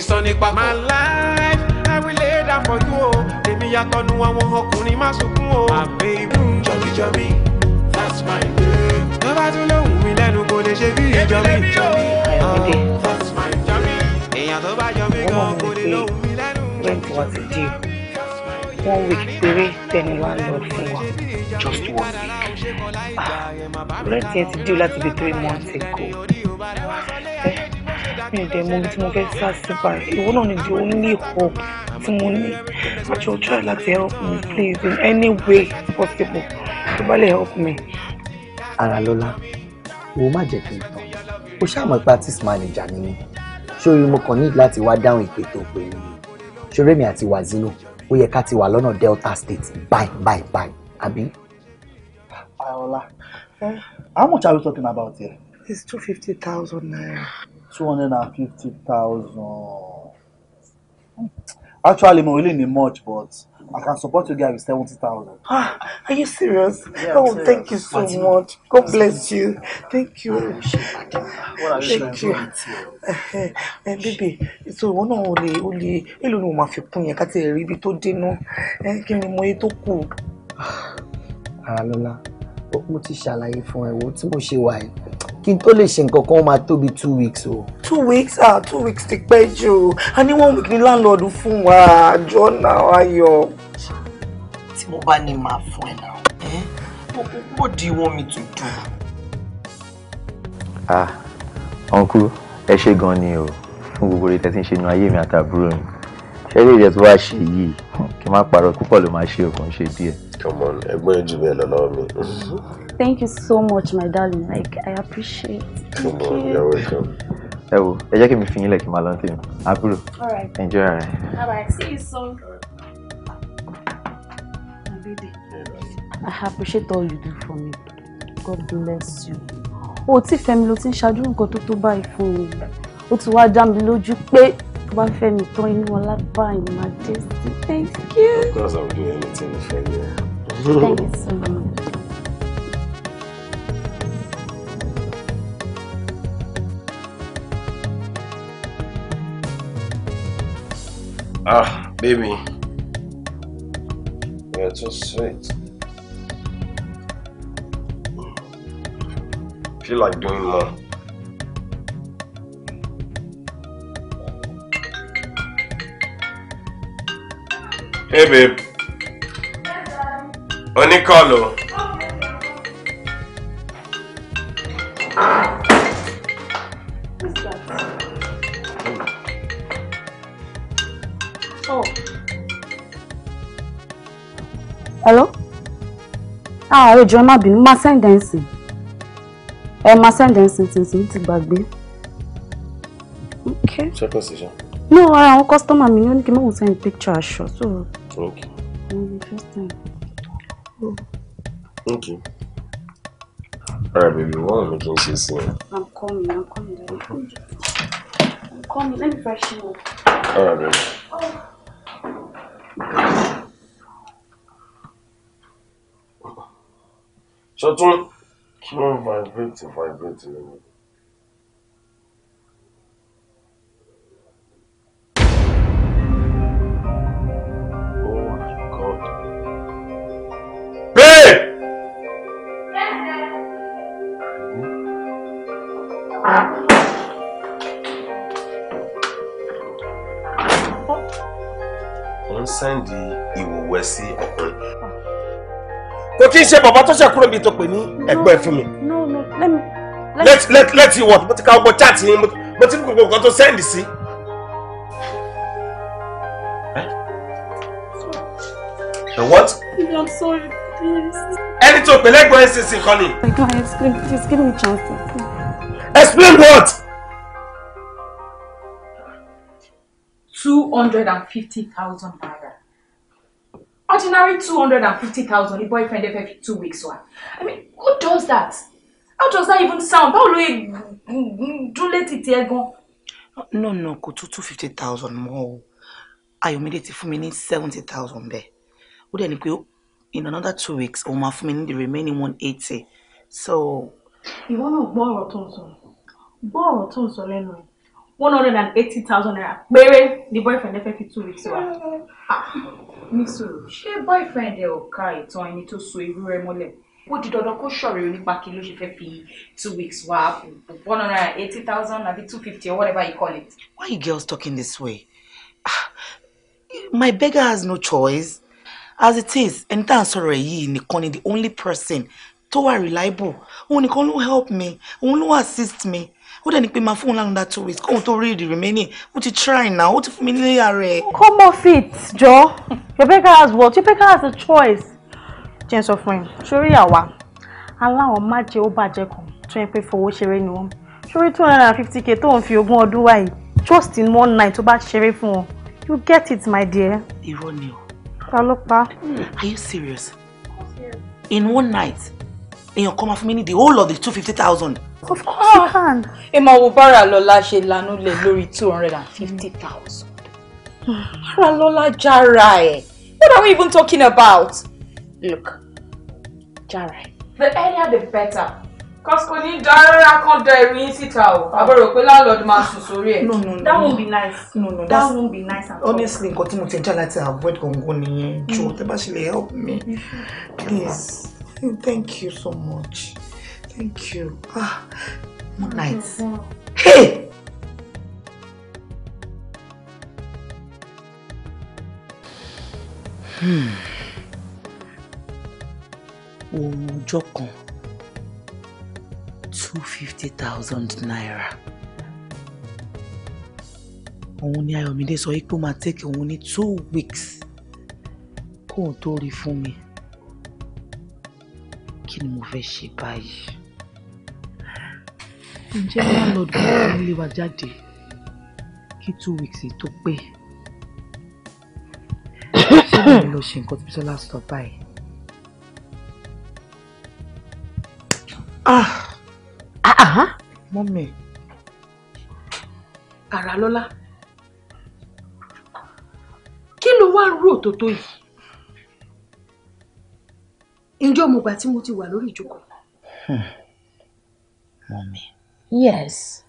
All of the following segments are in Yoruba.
ti sọ ní my life i will lay down for you o oh. èmi yàtọ̀ nu àwọn ọkùnrin má sunkún o. Oh. my baby jọbijọbi that's my baby. tó bá tún lóhùn mi lẹ́nu kò lè ṣe bí ìjọbi jọbi oh. that's my jọbi. èèyàn tó bá jọbi gan kò lè lóhùn mi lẹ́nu kò lè ṣe bí one week péré tẹni landlord fún wa just one week ah rent yẹn ti due láti bí three months ago mi dẹ̀ mọ ibi tí mo fẹ́ sá sí báyìí ìwọ náà ni the only hope tí mo ní àjọ try láti help me please in any way possible tó bá lè help me. ara lọ́lá wo má jẹ́ kí n tán o ṣáàmọ̀ practice manager ni mi ṣórí mo kàn ní láti wá dáhùn ìpè tó pè mí ṣórí mi àti wazino ó yẹ ká ti wà lọ́nà Delta State bye bye bye àbí. Ayola, eh, how much are we talking about here? It's two fifty thousand naira two hundred and fifty thousand actually mo really need much but I can support you guys with seventy thousand. Ah, are you serious? Yeah, oh, serious. thank you so Martin, much. God bless you. Thank you. Thank you. And eh, eh, baby, so ìwọ náà o lè o lè èlò ni mo máa fi kún yẹn ká ti rí ibi tó dénú eh, kí mo ti ṣàlàyé fún ẹ wo tí mo ṣe wà yìí kí n tó lè ṣe nǹkan kan ó máa tóbi two weeks o. two weeks ah two weeks ti pẹ́ jù a ní one week ní landlord fún wa àjọ náà ayọ̀. tí mo bá ní máa fún ẹ náà what do you want me to do. ah uncle ẹ ṣe gan ni o fún gbogbo rẹ tẹ́tí ń ṣe inú ayé mi àtàbúrò mi ṣẹ́lẹ̀ ìjẹ́ tó wá ṣe yìí kí n má parọ́ púpọ̀ ló máa ṣe òkun ṣe díẹ̀. Come on, ẹ̀gbọ́n jù bẹ́ẹ̀ lọ lọ́wọ́ mi. Thank you so much, my darling. Like, I appreciate. Come on, you're welcome. Ẹ wo, ẹ jẹ́ kí mi fi yín lẹ̀ máa lọ tèmi. Àbúrò. All right. Enjoy ara rẹ̀. Bye bye. See you soon. My baby. I appreciate all you do for me. God bless you. O ti fẹ́ mi ló ti ń ṣáájú nǹkan tó tó báyìí fún mi. Ó ti wá dá mi lójú pé tó bá fẹ́ mi tán inú ọlá báyìí máa dé Thank you. Of course I will do anything for you. Thank you so much. Ah, baby. You're too sweet. Feel like doing more. Hey, babe. oníkọlù. hello ah ẹjọ má bínú má sẹ́ńdẹ̀nsì ẹ má sẹ́ńdẹ̀nsì tìǹtì ti gbàgbé. okay. ṣé kò sí ṣá. no ara àwọn kọ́sítọ́mà mi ni ó ní kí mọ̀ wọ́n send picture aṣọ so. okay. Mm, interesting. Okay. Alright, baby, what am I making this. see? I'm coming, I'm coming. Darling. I'm coming, let me freshen up. Alright, baby. Oh. Shut up. Keep on vibrating, vibrating. ti ń ṣe bàbá tó ṣe kúrò níbi tó pè ní ẹ̀gbọ́n ẹ̀ mi. no no let me. let let let you watch But ti ka go chat yín But ti ní gbogbo nǹkan tó send sí. the what. i'm sorry please. ẹni tó pè lẹ́gbọ́n ẹ̀ ṣe sí ni. i explain give me a chance. explain what. two hundred and fifty thousand ordinary two hundred and fifty thousand ní boyfriend every two weeks wa i mean who does that how does that even sound báwo ló yẹ let it tiẹ̀ gan. no no kò tún two fifty thousand mọ́ o Ayọ̀mídé ti fún mi ní seventy thousand bẹ́ẹ̀ ó dẹ̀ ni in another two weeks òun máa fún the remaining one eighty so. You want to borrow tó ń sọ gbọ́ ọ̀rọ̀ tó one hundred and eighty thousand naira péré the boyfriend ẹ fẹ́ fi two weeks wa. Ah, ní sùúrù ṣé boyfriend ẹ ò ka ìtàn ẹni tó so irú rẹ̀ mọ́lẹ̀ ó di dandan kó ṣọ̀rẹ́ onípa kí ló ṣe fẹ́ fi two weeks wá one hundred and eighty thousand àbí two fifty or whatever you call it. why you girls talking this way ah, my beggar has no choice as it is ẹni tá à ń yìí nìkan ni the only person tó wà reliable òun nìkan ló help me òun ló assist me ó dẹ̀ ní pé máa fún un lánàá that two weeks kóun tó read the remaining ó ti try now ó ti fún mi nílé ara ẹ̀. come off it jọ Rebecca has what Rebecca has a choice. jẹ́ sọ fún ẹ sórí àwa aláwọ̀ má jẹ́ ó bàjẹ́ kan tó yẹ pé fowó ṣeré ni wọ́n sórí two hundred and fifty k tó ń fi ogún ọdún wáyé just in one night tó bá ṣeré fún wọn you get it my dear. irọ́ ni o. ta ló pa. Hmm, are you serious? in one night èèyàn kan máa fún mi ní the whole of the two fifty thousand of course ah, you can. ẹ máa wo bára lọ́la ṣe lanú lẹ̀ lórí two hundred and fifty thousand. bára lọ́la what are we even talking about? look jára the earlier the better. Cause ní dára kan da ẹrù yín síta o. Àbúrò pé landlord máa sùn sórí ẹ̀. No no no. That won't be nice. No no. That won't be nice at all. Honestly, nǹkan tí mo ti já láti avoid gangan nìyẹn. Jọ̀ọ́ mm. tẹ́ bá ṣe lè help me. Please. Thank you so much. Thank you. Ah, good night. Hey! Hmm. Oh, kan two fifty thousand naira. Òun ni Ayọ̀mídé so pé ó máa take òun two weeks kóun tó rí fún mi. Kí ni mo fẹ́ ṣe ǹjẹ́ landlord kò tó ń lé wa jáde kí two weeks tó pé ṣé mi lọ ṣe nǹkan tí Bísọ́lá sọ báyìí. Ah. Ah, ah. mọ́mì ara lọ́lá kí ló wá rò tó tó yìí ǹjọ́ mo gbà tí mo ti wà lórí ìjókòó. Hmm. mọ́mì. Hmm. Yes.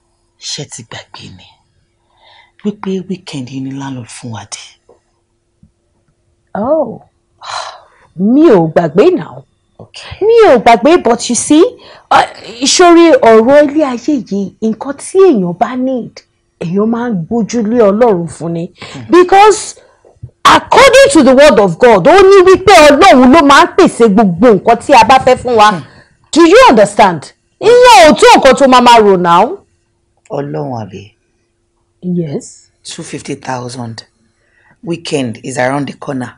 Ṣé ti gbàgbé ni? Wípé wíkẹ̀ndì ni landlord fún wa dé. Oh, mi ò gbàgbé náà. Okay. Mi ò gbàgbé but you see, ìṣòro uh, ọ̀rọ̀ ilé ayé yìí, nǹkan tí èèyàn bá need, èèyàn máa ń gbójú lé Ọlọ́run fún ni. Hmm. Because according to the word of God ó ní wípé ọlọ́run ló máa ń pèsè gbogbo nǹkan tí a bá fẹ́ fún wa hmm. do you understand iye ò tó nǹkan tó máa máa rò náà. ọlọ́run àbí. yes. two fifty thousand weekend is around the corner.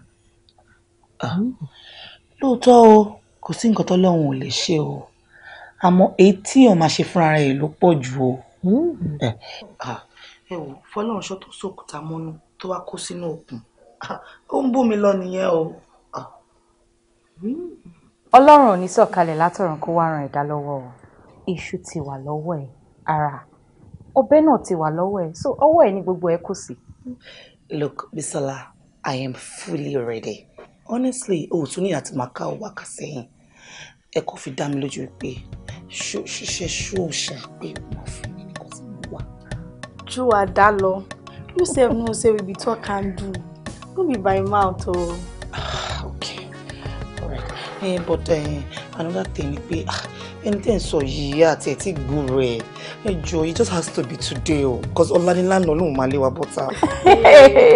Ah. Hmm. lóòótọ́ o kò sí nǹkan tọ́lọ́run ò lè ṣe o àmọ́ èyí tí èèyàn máa ṣe fúnra rẹ̀ ló pọ̀ jù o. Hmm. Eh. Ah, ẹ wò fọlọ́run ṣọ́ tó sòkúta mọ́nú tó wá kó sínú òkun ah, ó ń bù mí lọ nìyẹn o. Hmm. ọlọ́run ò ní sọ̀kalẹ̀ látọ̀run kó wá ran ẹ̀dá lọ́wọ́ o iṣu ti wà lọ́wọ́ ẹ̀ ara ọbẹ̀ náà ti wà lọ́wọ́ ẹ̀ so ọwọ́ ẹ̀ ni gbogbo ẹ̀ kù sí. look Bisola I am fully ready honestly o ò tún ní àti máa ká ọwọ́ àkà sẹ́yìn ẹ kò fi dá mi lójú pé ṣiṣẹ́ ṣó ò ṣàpè wọ́n fún mi nìkan tí mo wà. ju àdá lọ you sef know say we be talk and do no be by mouth o. Oh. Ah, okay alright eh, but eh, another thing ni pé. Ah, ẹni tẹ́ ń sọ yìí àti ẹ̀ tí gbúrò ẹ̀ ẹ jọ it just has to be today o because ọ̀lànilá náà lòun máa lé wa bọ́ta.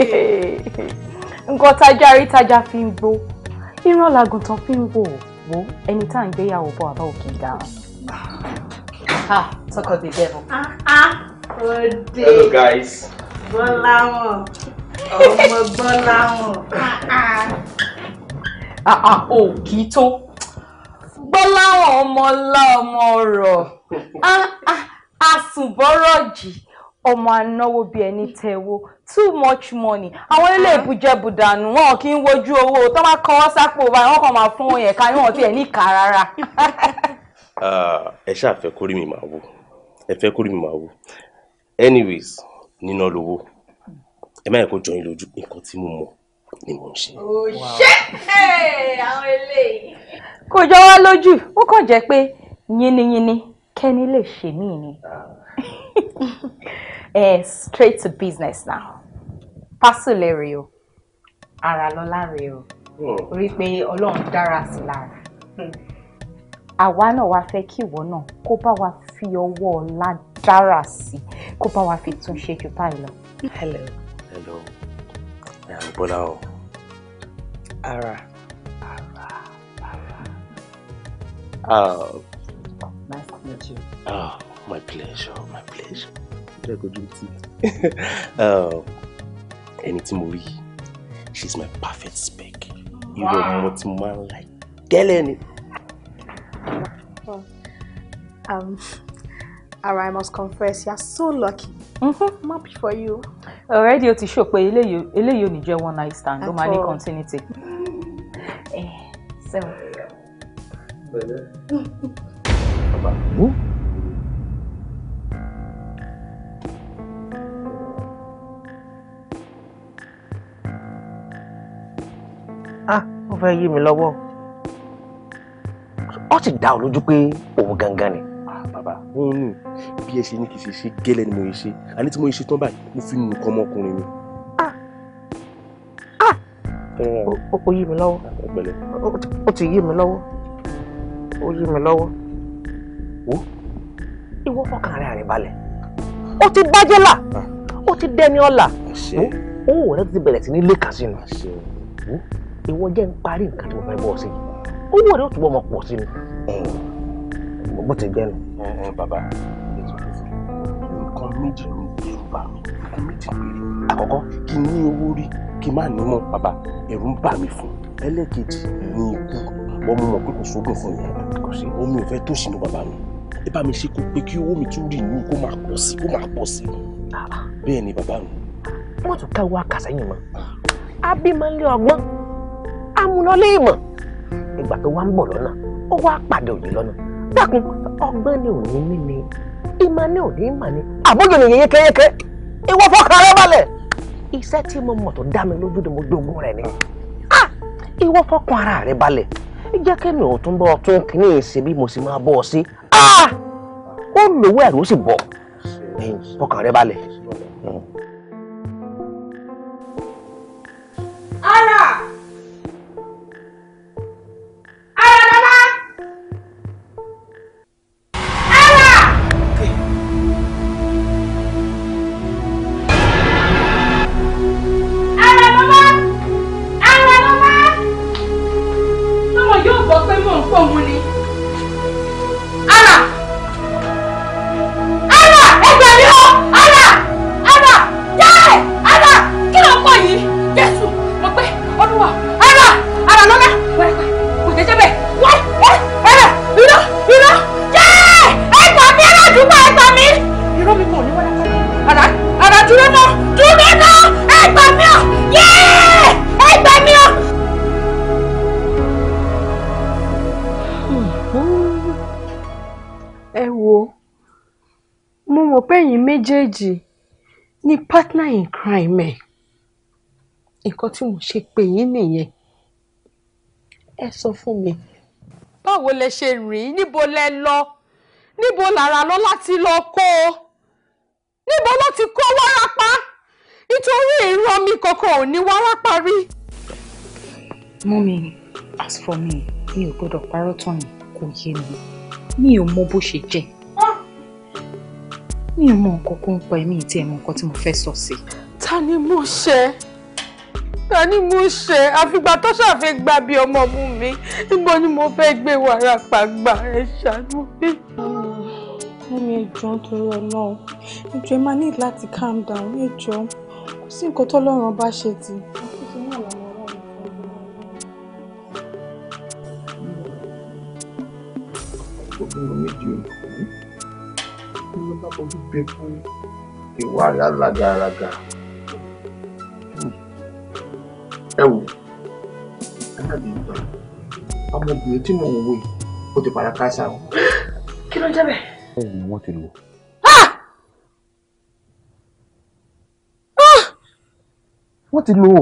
nǹkan tájà rí tájà fi ń gbó irọ́ làgùntàn fi ń wò wò ẹni tá à ń gbéyàwó bọ̀ àbá òkè dáhùn. ah talk of the devil. ah ah òde. hello guys. gbọ́láwọ̀n ọmọ gbọ́láwọ̀n. ah ah òkì tó gbọ́láhàn ọmọ ńlá ọmọ ọ̀rọ̀ àsùnbọ́rọ̀jì ọmọ anáwó bíi ẹni tẹ̀wó too much money àwọn ilé ah. ìbújẹ bùdànù wọn kì í wojú owó tó máa kọ́ sápò báyìí wọn kàn máa fún wọn yẹn ká ní wọn tiẹ̀ ní ìka rárá. Ah, ẹ ṣáà fẹ́ kórè mi màá wò ẹ fẹ́ kórè mi màá wò anyways níná lówó ẹ má yẹ kó jọyìn lójú nǹkan tí mo mọ̀ ni mò ń ṣe. òṣè oh, àwọn eléyìí. kò jọ wá lójú ó kàn jẹ́ pé yínníyínní kẹ́ni lè ṣe mí ni. Eh, straight to business now parcel rèé o ara lọ́la rèé o oh. rí i pé ọlọ́run dára sí lára àwa náà wá fẹ́ kí ìwọ náà kó bá wa fi ọwọ́ ọ̀la dára sí kó bá wa fi tún ṣe jù báyìí lọ. hello. hello. ẹ̀ ń bọ́lá o ara ara ara. Uh, nice to meet you. Oh, my pleasure, my pleasure. Very good meeting. Ẹni tí mo rí, she's my perfect spec. Irú ọmọ tí mo máa ń like. Tẹ́lẹ̀ ni. Oh. Um, Ara, I must confess, you are so lucky. Mm-hmm. happy for you. Already, ó ti show pé eléyìí eléyìí ò ní one night stand. Ó máa ní continuity. Eh, so. Bele. Ah, ó fẹ́ yí mi lọ́wọ́. Ó ti dá ọ lójú pé òun gangan ni bàbá wọn nù bí ẹ ṣe ní kì ṣe ṣe gẹ́lẹ́ ni mo yẹ ṣe àní tí mo yẹ ṣe tán báyìí mo fi nù kọ́ ọmọkùnrin mi. o ah! ah! yí mi lọ́wọ́ o ti yí mi lọ́wọ́ o yí mi lọ́wọ́ wo ìwọ fọkàn rẹ àrẹ̀balẹ̀ o ti bájẹ́ là o ah. ti dẹni ọ̀la owó rẹ ti bẹ̀rẹ̀ sí ní lẹ́ka sínú ìwọ jẹ́ ń parí nǹkan tí mo fẹ́ bọ́ sí owó rẹ ó túbọ̀ mọ̀ pọ̀ sí ni bó ti gbẹ́nu bàbá ilé tó fẹ́ fún nǹkan méjì ló ń bẹ̀rù bà mí nǹkan méjì péré àkọ́kọ́ kí n ní owó rí kí n má ní mọ́ bàbá ẹ̀rù ń bà mí fún ẹlẹ́ẹ̀kejì ní ikú wọ́n mú mọ̀ pé kò sóògùn fún yẹn kò sí omi ò fẹ́ tó sínú bàbá mi ẹ bá mi ṣe kó pé kí owó mi tún rí ìlú kó máa pọ̀ sí kó máa pọ̀ sí bẹ́ẹ̀ ni bàbá mi. wọ́n tún ká wá kàsẹ́yìn mọ́ abimọ́lé ọgbọ́n amúnọ́lé ìmọ̀ ìgbà tó wá ń bọ̀ lọ́nà ó wá pàdé òye lọ́nà dákun ọgbọ́n ni òní ní ni ìmọ̀ ni òní mà ni àbójú ni yékéyéké ìwọ fọkàn rẹ balẹ̀ iṣẹ́ tí mo mọ̀ tó dá mi lójú ni mo jogún rẹ̀ ni ìwọ fọkàn ara rẹ balẹ̀ jẹ́ kí mi ò tún bọ́ tún kíní ìsìn bí mo sì máa bọ́ ọ sí ó lówó ẹ̀rù ó sì bọ̀ fọkàn rẹ balẹ̀. kejì ni partner in crime ẹ̀ nǹkan tí mo ṣe pè yín nìyẹn ẹ sọ fún mi báwo lẹ ṣe rìn níbo lẹ lọ níbo lára lọ láti lọ kó o níbo ló ti kó wárápá nítorí ìran mi kankan ò ní wárápá rí. mọ́mi as for me mi ò gbọ́dọ̀ parọ́ tán yìí kò yé mi mi ò mọ bó ṣe jẹ́ mi ò mọ nǹkan kó ń pa èmi ìtí ẹ̀ mọ nǹkan tí mo fẹ́ sọ sí. ta ni mo ṣe ta ni mo ṣe àfìgbà tó ṣàfẹ́ gba bí ọmọ mú mi níbo ni mo fẹ́ gbé wàrà pàgbà ẹ ṣàánú mi. mú mi ẹjọ́ torí ọlọ́run ẹjọ́ ẹ máa ní láti calm down ẹjọ́ kò sí nǹkan tọ́lọ́run bá ṣe ti pé fún ìwà alálagaraga ẹ wò ẹ má lè gbà ọmọbìnrin tí mò ń wò yìí ó ti padà káṣá o. kí ló ń jẹ́ bẹ́ẹ̀. bẹ́ẹ̀ ni wọ́n ti lò. Ah! Ah! wọ́n ti lò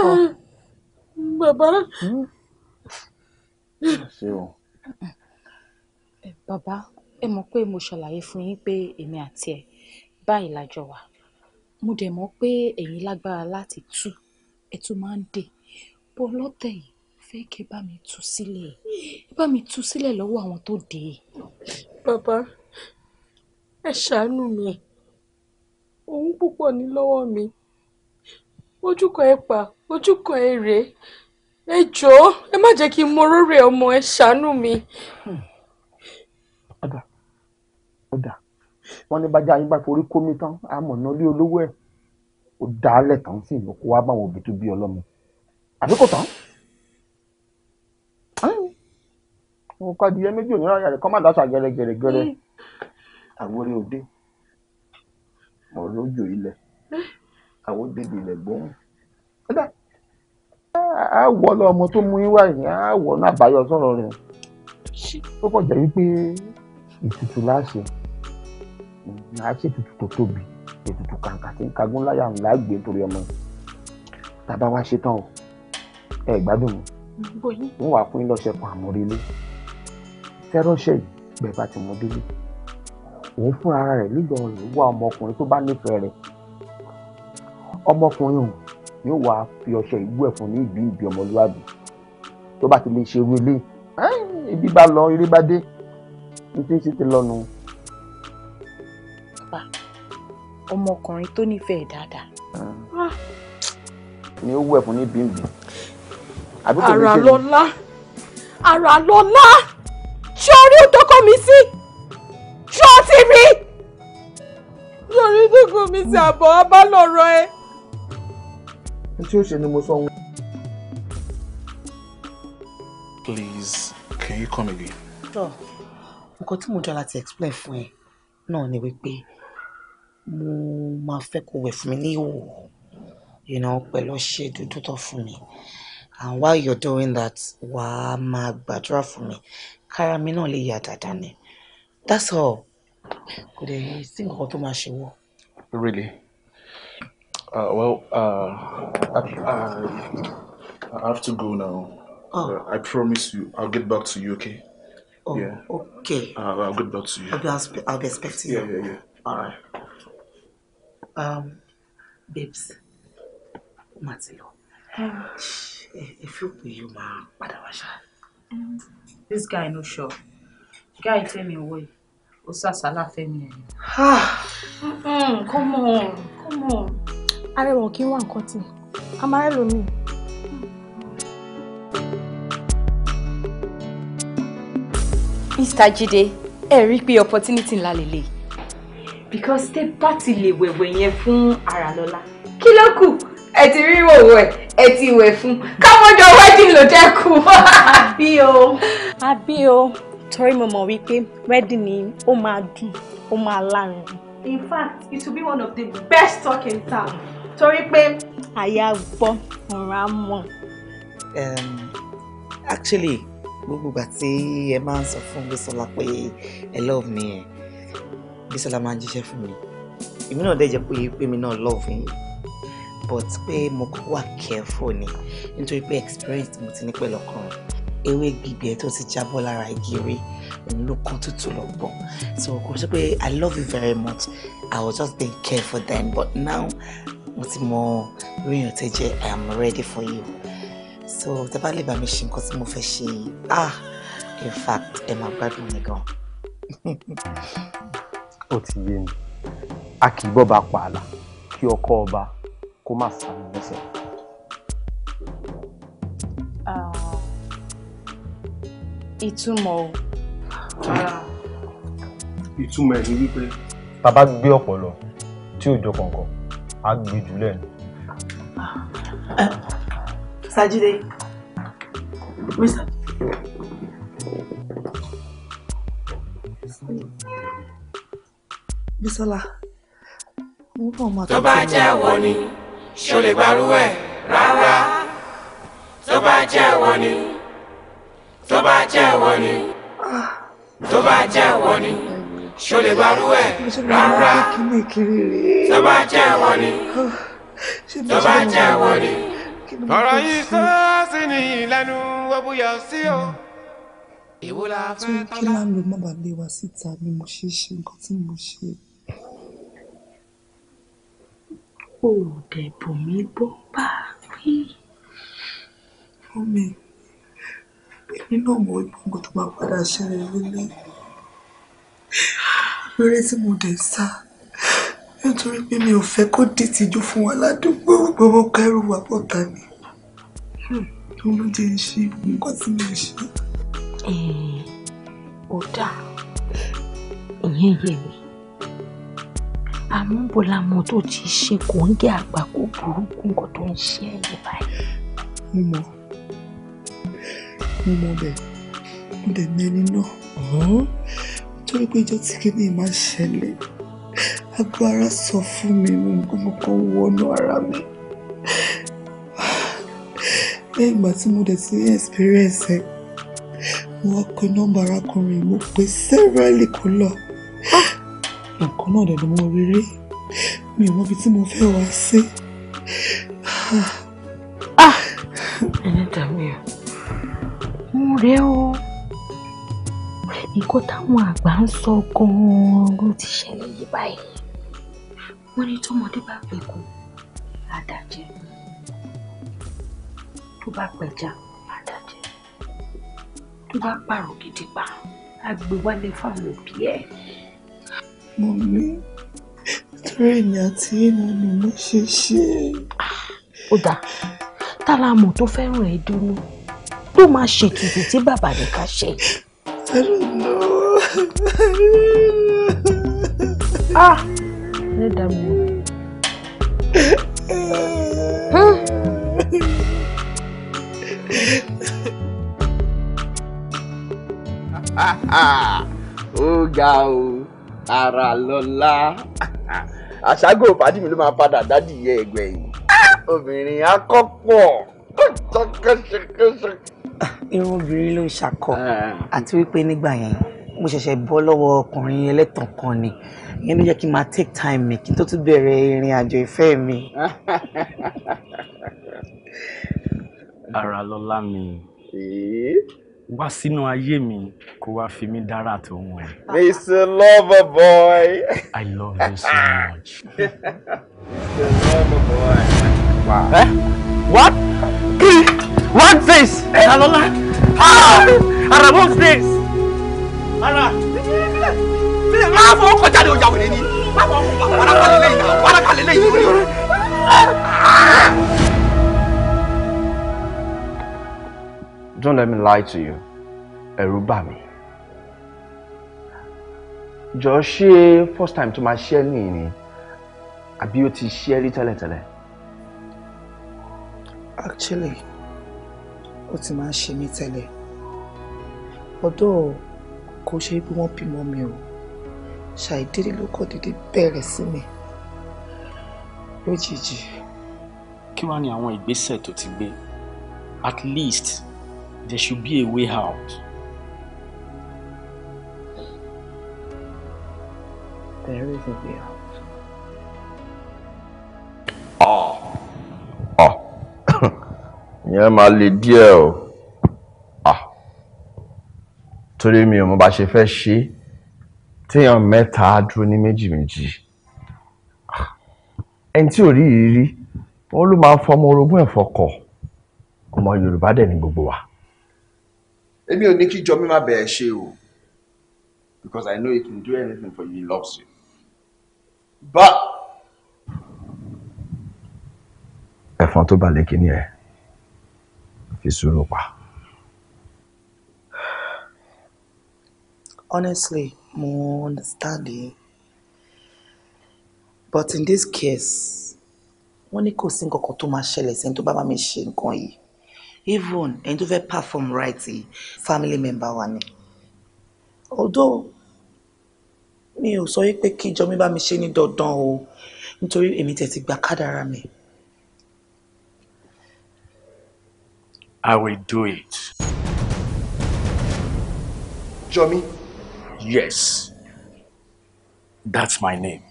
ah! bàbá. Hmm? Hmm? ṣé o. Eh, bàbá ẹ mọ̀ pé mo ṣàlàyé fún yín pé èmi àti ẹ̀ báyìí lájọ wà mo dẹ̀ mọ̀ pé ẹ̀yin lágbára láti tú ẹ tún máa ń dè bọ́ lọ́tẹ̀ yìí fẹ́ kí ẹ bá mi tú sílẹ̀ ẹ bá mi tú sílẹ̀ lọ́wọ́ àwọn tó dè é. bàbá ẹ ṣàánú mi òun púpọ̀ ní lọ́wọ́ mi ojúkọ ẹ pa ojúkọ ẹ rèé ẹ jọ̀ọ́ ẹ má jẹ́ kí n mọ rórè ọmọ ẹ ṣàánú mi. Hmm ọ̀dà ọ̀dà wọ́n ní bájá yín bá forí kómi tán àmọ̀nà lé olówó ẹ̀ ó dálẹ̀ tán sí ìlú kó wá báwọn òbí tó bí ọlọ́mọ àbí kò tán wọn kọ́ adìyẹ méjì òní ráyà rẹ̀ kọ́ má dáṣà gẹ́rẹ́gẹ́rẹ́ àwòrán òde ọ̀rọ̀jò ilẹ̀ àwòdèdè ilẹ̀ gbọ́n àwọ̀ lọ́mọ tó mú yín wáyé àwọ̀ náà àbáyọ sọ̀rọ̀ rẹ̀ ó kàn jẹ́ wípé ètùtù láṣẹ láṣẹ ètùtù tó tóbi ètùtù kàǹkà tí ń kagún láyà ń láàgbé nítorí ọmọ yìí tàbá wá ṣetán o ẹ gbádùn mi wọn wà fún ilọ̀ṣẹ̀ kan àmúrelé fẹ́ránṣẹ́ yìí bẹ́ẹ̀ bá ti mú délé òun fúnra rẹ̀ lílọ rẹ̀ wá ọmọkùnrin tó bá nífẹ̀ẹ́ rẹ̀ ọmọkùnrin òun yóò wá fi ọṣẹ ìwú ẹ̀ fún ní ìbí ìbí ọmọlúwàbí tó bá ti lè ṣe wílé ibi bá lọ eré bá dé ntúnṣe ti lọ bàbá ọmọkùnrin tó nífẹ̀ẹ́ dáadáa. Ah. ni ó wẹ̀ fún ní bímbí. ara lọ́lá ara lọ́lá ṣé o rí ìtọ́kọ mi sí ṣé o ti rí ṣé o rí ìtọ́kọ mi sí àbọ̀ abálọ̀rọ̀ ẹ. tí ó ṣe ni mo sọ wọn. Please, can you come again? Sure nǹkan tí mo jọ láti explain fún ẹ náà ni wípé mo máa fẹ́ kó wẹ̀ fún mi ní ìwò you know pẹ̀lú ọṣẹ dúdú tó fún mi and while you're doing that wà á máa gbàdúrà fún mi kára mi náà lè yà dáadáa ni that's all kò dẹ̀ sí nǹkan tó máa ṣe wọ́. really uh, well uh, I, I, I have to go now. Oh. Uh, I promise you I'll get back to you okay. Oh, yeah. okay. Uh, I'll get back to you. I'll be, I'll, I'll be expecting yeah, you. Yeah, yeah, yeah. All right. Um, babes, Matilo, um, hmm. eh, if you pay you, ma, Padawasha. Um, hmm. this guy no sure. Guy tell me why. Osa Sala family. mm, come on, come on. Arẹwọ̀n kí n wá nǹkan tì, amárẹ́lòmíì. Mr. Jide ẹ rí pé opportunity ńlá lélẹ̀ because tẹ party ti lè wẹ̀wẹ̀ yẹn fún Aralọ́lá kí ló kù ẹ ti rí ìwòwò ẹ ẹ ti wẹ̀ fún kámọ́jọ wedding ló jẹ́ kù. àbí o àbí o torí mo mọ̀ wípé wedding ni ó máa dùn ó máa lárinrin. in fact it will be one of the best talk in town torí pé. àyà gbọ́ ọ̀rá mọ̀. actually gbogbo ìgbà tí ẹ máa ń sọ fún Bísọ́lá pé ẹ love mi ẹ Bísọ́lá máa ń jíṣẹ́ fún mi èmi náà dẹ̀ jẹ́ pé pé mi náà love yín but pé mo kọ́ wà careful ni nítorí pé experience mo ti ní pẹ̀lú ọkùnrin ewé gbígbẹ tó ti jábọ́ lára igi rí òun ló kán tútù lọ gbọ́n so kò sí pé I love you very much I was just being careful then but now mo ti mọ ríyàn tẹ jẹ I am ready for you so tẹ bá lè bá mi ṣe nǹkan tí mo fẹ́ ṣe ah in fact ẹ máa gbádùn mi gan. ó ti yé mi a kì í bọ́ bá pààlà kí ọkọ ọba kó má sàmì lẹ́sẹ̀. Ah, ìtumọ̀ o. Ah. ìtumọ̀ ẹ̀ ni wípé. bàbá gbé ọ̀pọ̀ lọ tí ò jọ kọ̀ọ̀kan á gbé jùlẹ̀ ni. Ah. Sajide. Oui, Sajide. Bisola. Mo kàn máa tó bá jẹ́ wọ́n ni, ṣo lè gbarú ẹ̀ rárá. Tó bá jẹ́ wọ́n ni, tó bá jẹ́ wọ́n ni, tó bá jẹ́ wọ́n ni, ṣo lè gbarú rárá. Tó bá jẹ́ wọ́n ni, tó bá jẹ́ wọ́n ni ọ̀rọ̀ yìí sọ sí ni ìlànà ọ̀bùyọ̀ sí o. èwo la fẹ́ tọ́lá. tí kí láńlò má bàa lé wa síta ni mo ṣe ṣe nǹkan tí mo ṣe. ó dẹ̀ bò mí bó bá rí. omi èmi náà mọ ìgbọ̀ngàn tó máa padà ṣẹlẹ̀ lélẹ̀. eré tí mo dẹ̀ sá nítorí pé mi ò fẹ́ kó dìtìjú fún wa ládùúgbò gbogbo kẹrù wa pọ̀ta ni tó hmm, ló jẹ́ ṣe nǹkan tí mo ṣe. ó dáa ìyẹn yé mi àmọ́ bó la mọ̀ tó ti ṣe kò ń gé àgbà kó burúkú nǹkan tó ń ṣe ẹ̀yìn báyìí. mo mọ̀ mo mọ̀ bẹ́ẹ̀ mo dẹ̀ mẹ́ni náà nítorí pé ìjọ tí kìíní máa ṣẹlẹ̀ agbára sọ fún mi mo kàn wọnú ara mi bẹ́ẹ̀ ìgbà tí mo dẹ̀ ti ní experience ẹ̀ mo wá pe nọ́mbà arákùnrin mo pe sẹ́rẹ́lì kó lọ nǹkan náà dẹ̀ ni mo rí rí mi mọ ibi tí mo fẹ́ wá sí. ẹlẹ́dàá mi ò ń rẹ́ o nǹkan táwọn àgbà ń sọ gan-an ló ti ṣẹlẹ̀ yí báyìí wọ́n ní tọ́mọdé bá pẹ̀kú àdàjẹ tó bá pẹja àdàjẹ tó bá pààrọ̀ gidi pa àgbéwálé fáwọn òbí ẹ̀. mo ní tírẹ̀nì àti ìmọ̀ ni mo ṣe ṣe. ó dáa tálámù tó fẹ́ràn ẹ̀ dúró ló máa ṣètùtù tí bàbá rẹ̀ ká ṣe. I don't know. ah ẹlẹ́dàá mi. ó ga o ara lọ́lá àṣàgò fàdí mi ló máa padà dádì yẹ ẹgbẹ́ yìí obìnrin akọ́pọ̀ irun obìnrin ló ń ṣakọ ah. àti wípé nígbà yẹn mo ṣẹ̀ṣẹ̀ bọ́ lọ́wọ́ ọkùnrin ẹlẹ́tàn kan ni ìyẹn ló jẹ́ kí n máa take time mi kí n tó tún bẹ̀rẹ̀ ìrìn àjò ìfẹ́ mi. ara lọ́lá mi wá sínú ayé mi kó wá fi mí dára tó ń wẹ̀. he's a lover boy. I love you so much. he's a lover boy. Wow. Eh? What? What this? Eh? Ara lọ́lá? Ah! Ara what's this? ara bílẹ̀ máa fọ ọkọ̀ jáde ọjà wẹ̀rẹ̀ ni máa fọ ọkọ̀ wàràkàlẹ̀ lẹ́yìn náà wàràkàlẹ̀ lẹ́yìn lórí Don't let me lie to you. Ẹ̀rù bà mí. Jọ ṣe first time to máa ṣe nìyí ni àbí o ti ṣe rí tẹ́lẹ̀tẹ́lẹ̀. Actually, o ti máa ń ṣe mí tẹ́lẹ̀. Although kó ṣe bí wọ́n bímọ mi o ṣàìdédé ló kọ́ dédé bẹ̀rẹ̀ sí mi lójijì. kí wàá ní àwọn ìgbésẹ̀ tó ti gbé at least there should be a way out. There is a way out. Ah, ah, ìyẹn máa le díẹ̀ o torí mi ò mọ bá ṣe fẹ́ ṣe téèyàn mẹ́ta dúró ní méjì méjì ẹni tí ò rí yìí rí wọn ló máa ń fọmọ orogún ẹ̀fọ́ kọ̀ ọmọ Yorùbá dẹ̀ ní gbogbo wa. èmi ò ní kí jọ má bẹ̀ẹ́ ṣe o because I know he can do anything for you he loves you but. ẹ̀fọn tó balẹ̀ kí ni ẹ̀ fi sùúrù pa. honestly more understanding. but in this case wọ́n ní kò sí nǹkan kan tó máa ṣẹlẹ̀ sí ẹni tó bá bá mi ṣe nǹkan yìí even ẹni tó fẹ́ perform right yìí family member wa ni although mi ò sọ wípé kí ìjọ mi bá mi ṣe ní dandan o nítorí èmi tẹ̀ gba kádàrá mi. I will do it. Jọmi. Yes. That's my name.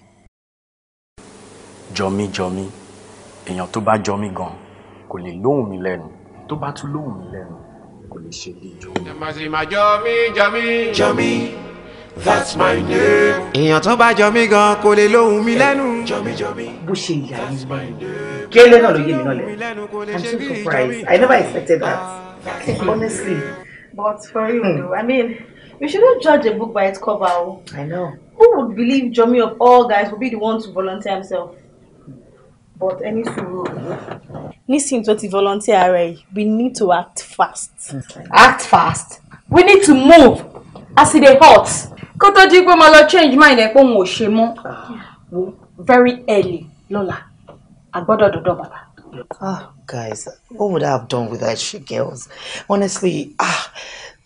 Jomi Jomi. Èèyàn tó bá jọmí gan kò lè lóhùn mi lẹ́nu. Tó bá tún lóhùn mi lẹ́nu kò lè ṣe bí Jọmí. Ẹ máa ṣe máa jọmí jọmí. Jọmí. That's my name. Èèyàn tó bá jọ mí gan kò lè lóhùn mi lẹ́nu. Bó ṣe ìyá yín lẹ́nu. Gẹ́lẹ́ náà ló yé mi náà lẹ́nu. I'm so surprised. I never expected that. Honestly. But for you, I mean. We shouldn't judge a book by its cover. Oh. I know. Who would believe Jomi of all guys would be the one to volunteer himself? But any sùúrù. Nísìnyí to ti volunteer rẹ̀ we need to act fast. Act fast? We need to move as it dey hot. Kó tó di change mind ẹ̀ pé òun very early Lola. Agbada gbọ́dọ̀ dọ̀dọ̀ Ah, guys, what would I have done without you girls? Honestly, ah.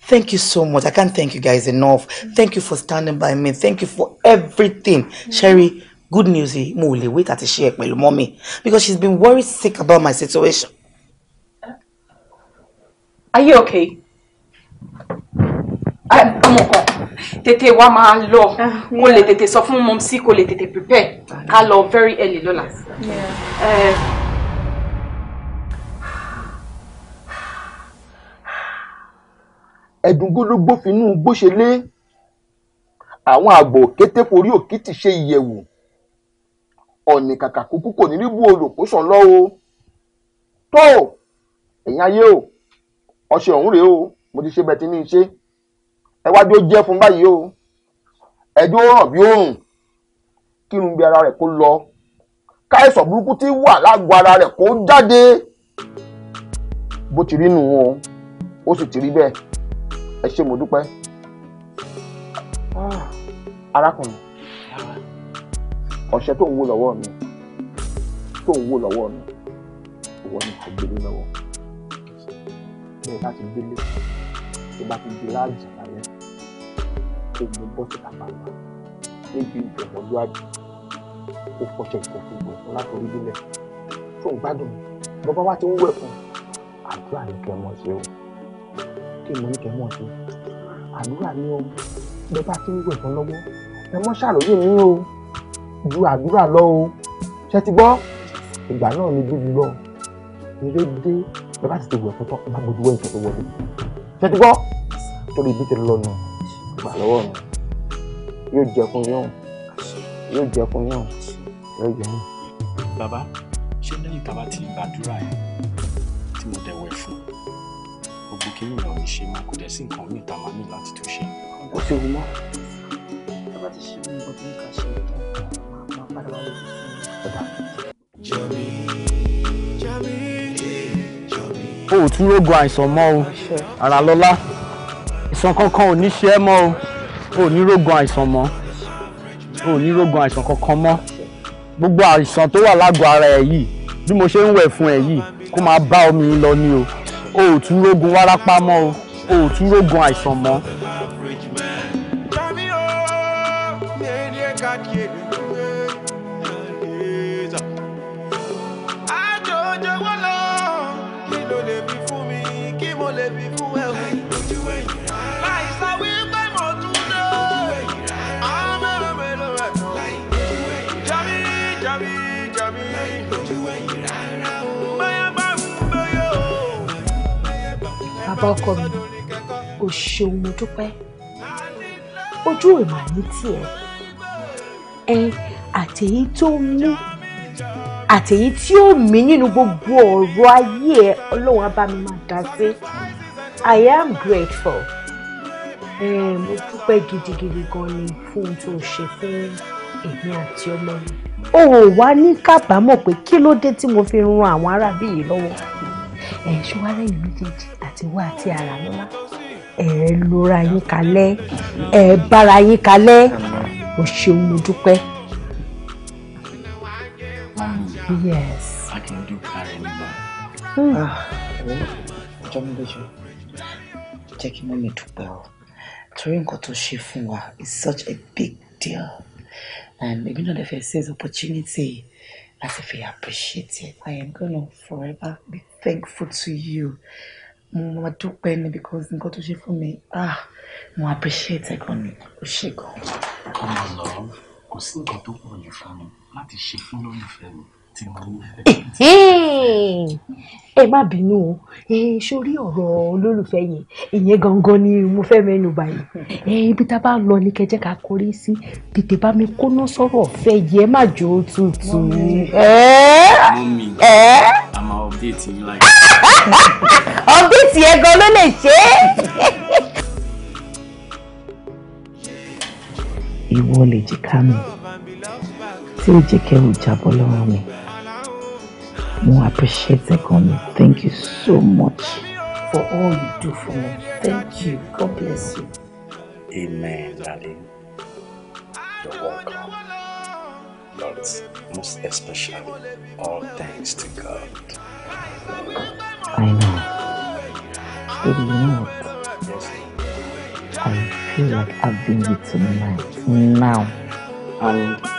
Thank you so much. I can't thank you guys enough. Thank you for standing by me. Thank you for everything. Mm-hmm. Sherry, good news Muli. Wait at the àti share pẹ̀lú mommy because she's been worried sick about my situation. Are you okay? ọmọ kan tètè wá máa lọ ah, kó Tete, so sọ fún mọ́mísí kó lè tètè prepare ká lọ very early Lola. Yeah. Uh, ẹ̀dùngúdúgbò finú gbóṣelé àwọn àgbò kété forí òkìtì ṣe ìyẹ̀wù ọ̀nì kàkà kúkú kò ní rí bú olò kó sàn lọ o tó ẹ̀yin ayé o ọṣẹ ọ̀hún rèé o mo ti ṣe bẹ́ẹ̀ tí ní í ṣe ẹ wá bí ó jẹ́ fún báyìí o ẹjọ́ ó ràn bí òrùn kí irun bí ara rẹ̀ kó lọ káìsàn burúkú tí wà lágọ̀ọ́ ara rẹ̀ kó jáde bó ti rí nù wọn ó sì ti rí bẹ́ẹ̀ ẹ ṣé mo dúpẹ́ ah, arákùnrin ọṣẹ tó ń wò lọ́wọ́ mi tó ń wò lọ́wọ́ mi ìwọ ni kò gbélé lọ́wọ́ bẹ́ẹ̀ bá ti délé tó bá ti di láàjì o èmi bọ́ síta pàápàá níbi ìjọ̀mọ́lúwàbí ó fọṣẹ ìkọ̀fìgbọ̀ fún láti orí délẹ̀ tó ń gbádùn bọ́bá wa ti ń wẹ̀ fún àdúrà ní kẹ́ mọ́ ṣe o kí mo ní kẹ́ mọ̀ ṣe àdúrà ni o bẹ́ẹ̀ bá ti ń wẹ̀ tán lọ́wọ́ ẹ mọ́ ṣàròyé mi o ju àdúrà lọ o ṣe ti gbọ́ ìgbà náà ni bíbí lọ eré dé bẹ́ẹ̀ bá ti ti wẹ̀ fún tán bá gbogbo ẹ̀jẹ̀ tó wọlé ṣe ti gbọ́ torí ibi tẹ̀lé lọ́nà gbà lọ́wọ́ mi yóò jẹ fún yóò yóò jẹ fún yóò yóò jẹ fún. bàbá ṣé lẹ́yìn tàbá ti gbàdúrà yẹn kéwì wọn ní ṣe mọ́ kò dẹ̀ sí nǹkan míì tá a máa ní láti tó ṣe. ó ṣe wù mọ́ tó bá ti ṣe mọ́ nǹkan tó ń kà ṣe máa máa padà wá lójú ọ̀dà. jọ̀bí jọ̀bí jọ̀bí. o ò tún rógo àìsàn mọ́ o àràlọ́lá ìsàn kankan ò ní ṣe é mọ́ o ò ní rógo àìsàn mọ́ o ò ní rógo àìsàn kankan mọ́ gbogbo àìsàn tó wà lágọ̀ọ́ ara ẹ̀ yìí bí mo ṣe ń wẹ̀ fún ẹ yìí kó máa bá omi lọ ni o o ò tún rógun wárápá mọ́ o ò tún rógun àìsàn mọ́ bàbá ọkọ mi o ṣeun mo dúpẹ́ ojú ìmọ̀ ní tiẹ̀ ẹ àtẹ̀yí tó mú àtẹ̀yí tí ó mí nínú gbogbo ọ̀rọ̀ ayé ẹ ọlọ́run á bá mi máa dá sí i am grateful mo dúpẹ́ gidigidi gan ni fún ohun tó ṣe fún èmi àti ọmọ mi. o ò wá ní kábàámọ̀ pé kí ló dé tí mo fi ran àwọn aráàbí yìí lọ́wọ́ ẹ̀ ṣọwárẹ̀ yìí méjèèjì àti wá àti ara lọ́la ẹ̀ lóra yín kalẹ̀ ẹ̀ bára yín kalẹ̀ o ṣeun mo dúpẹ́. Mm, yes. Mm. Ah, jẹ́ kí mọ́mí dúpẹ́ o torí nǹkan tó ṣe fún wa is such a big deal and èmi náà lè fẹ́ seize opportunity as if he appreciated. I am going to forever be thankful to you. Mo ma dúpẹ́ ni because nǹkan to ṣe fún mi ah mo appreciate it ni o ṣe gan. Ọmọ lọ, kò sí nǹkan tó pọ̀ jù fún mi tí mo nífẹ̀ẹ́. ẹ má bínú o sórí ọ̀rọ̀ olólùfẹ́ yẹn ìyẹn gangan ni mo fẹ́ mẹ́nu báyìí ibi tá a bá lọ ní kẹjẹ́ ká kórè sí tètè bá mi kóná sọ̀rọ̀ ọ̀fẹ́ yẹn má jò ó mọ́mí a máa update yín láyé. update yẹn gan ló lè ṣe é. ìwọ lè jìká mi tí ó jẹ́ kẹ́rù jábọ́ lọ́wọ́ mi mo appreciate it gan thank you so much for all you do for me thank you god bless you. amen darling you're welcome lord most especially all thanks to god. i know but you know what yes. i feel like having you tonight now and.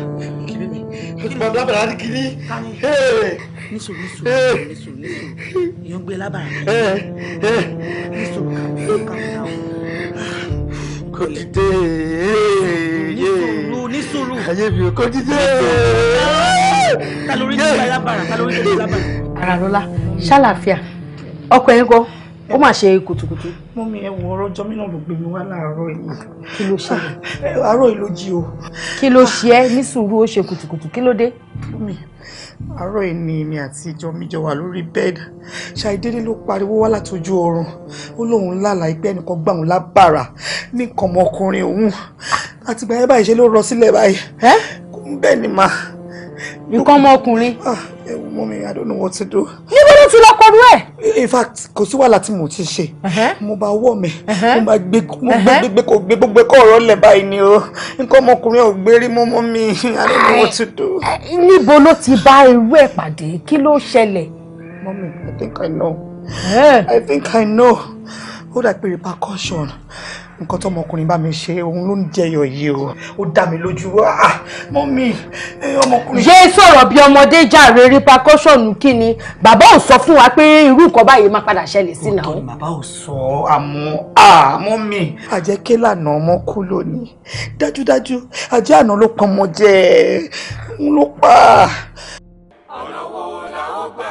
bàbá bàbá ní kiri. nísò nísò nísò nísò èèyàn gbé lábàá rẹ nísò kàwé kò ti dé nísòrò nísòrò ayé mi kò ti dé. ta lórí nípa lábàrà ta lórí nípa lábàrà. ara lọ́la ṣàlàfíà ọkọ̀ ẹ̀ ń gbọ́ ó mà ṣe kùtùkùtù. mú mi ẹwọ ọ̀rọ̀ ọjọ́ mi náà ló gbé mi wá láàárọ̀ yìí. kí ló ṣe àárọ̀ yìí ló jí o. kí ló ṣe ẹ ní sùúrù ó ṣe kùtùkùtù kí ló dé. mumi àárọ̀ yìí ni èmi àti ìjọ mi jọ wà lórí bẹ́ẹ̀dì ṣàìdédé ló pariwo wá látọjú ọrùn ó lóun lálàá ẹgbẹ́ ẹnìkan gbà òun lábàrà nìkan ọmọkùnrin òun àti báyìí báyìí ṣe ló rọ sílẹ̀ báyìí. bẹ́ẹ̀ ni mà. nǹkan ọmọkùnrin. Ah, ẹ wo mọ mi i don't know what to do. níbo ló ti lọ in fact kò sí wàhálà tí mo ti ṣe mo bá wọ̀ mí mo bá gbé kò gbé gbogbo ẹ̀kọ́ ọ̀rọ̀ lẹ̀ báyìí ni o nǹkan ọmọkùnrin ò gbé rí mọ́mọ́ mi alẹ́ ni mo ti dùn. níbo ló ti bá irú ẹ̀ pàdé kí ló ṣẹlẹ̀. mọ́mí i think i know i think i know ó dà pé repercussion nǹkan tọmọkùnrin bá mi ṣe òun ló ń jẹyọ yìí o ó dá mi lójú wá ah, ah, mọ́mí ọmọkùnrin. yé sọ̀rọ̀ bí ọmọdé jàre repercussion kínni bàbá ò sọ fún wa pé irú nǹkan báyìí máa padà ṣẹlẹ̀ sí náà. ọ̀tọ̀ bàbá ò sọ àmọ́ àmọ́ ah, mi. àjẹkẹ́ lànà ọmọ kú lónìí dájúdájú àjẹ́ àná ló pọn ọmọ jẹ ń ló pa. ọ̀nà wo làwọn gbà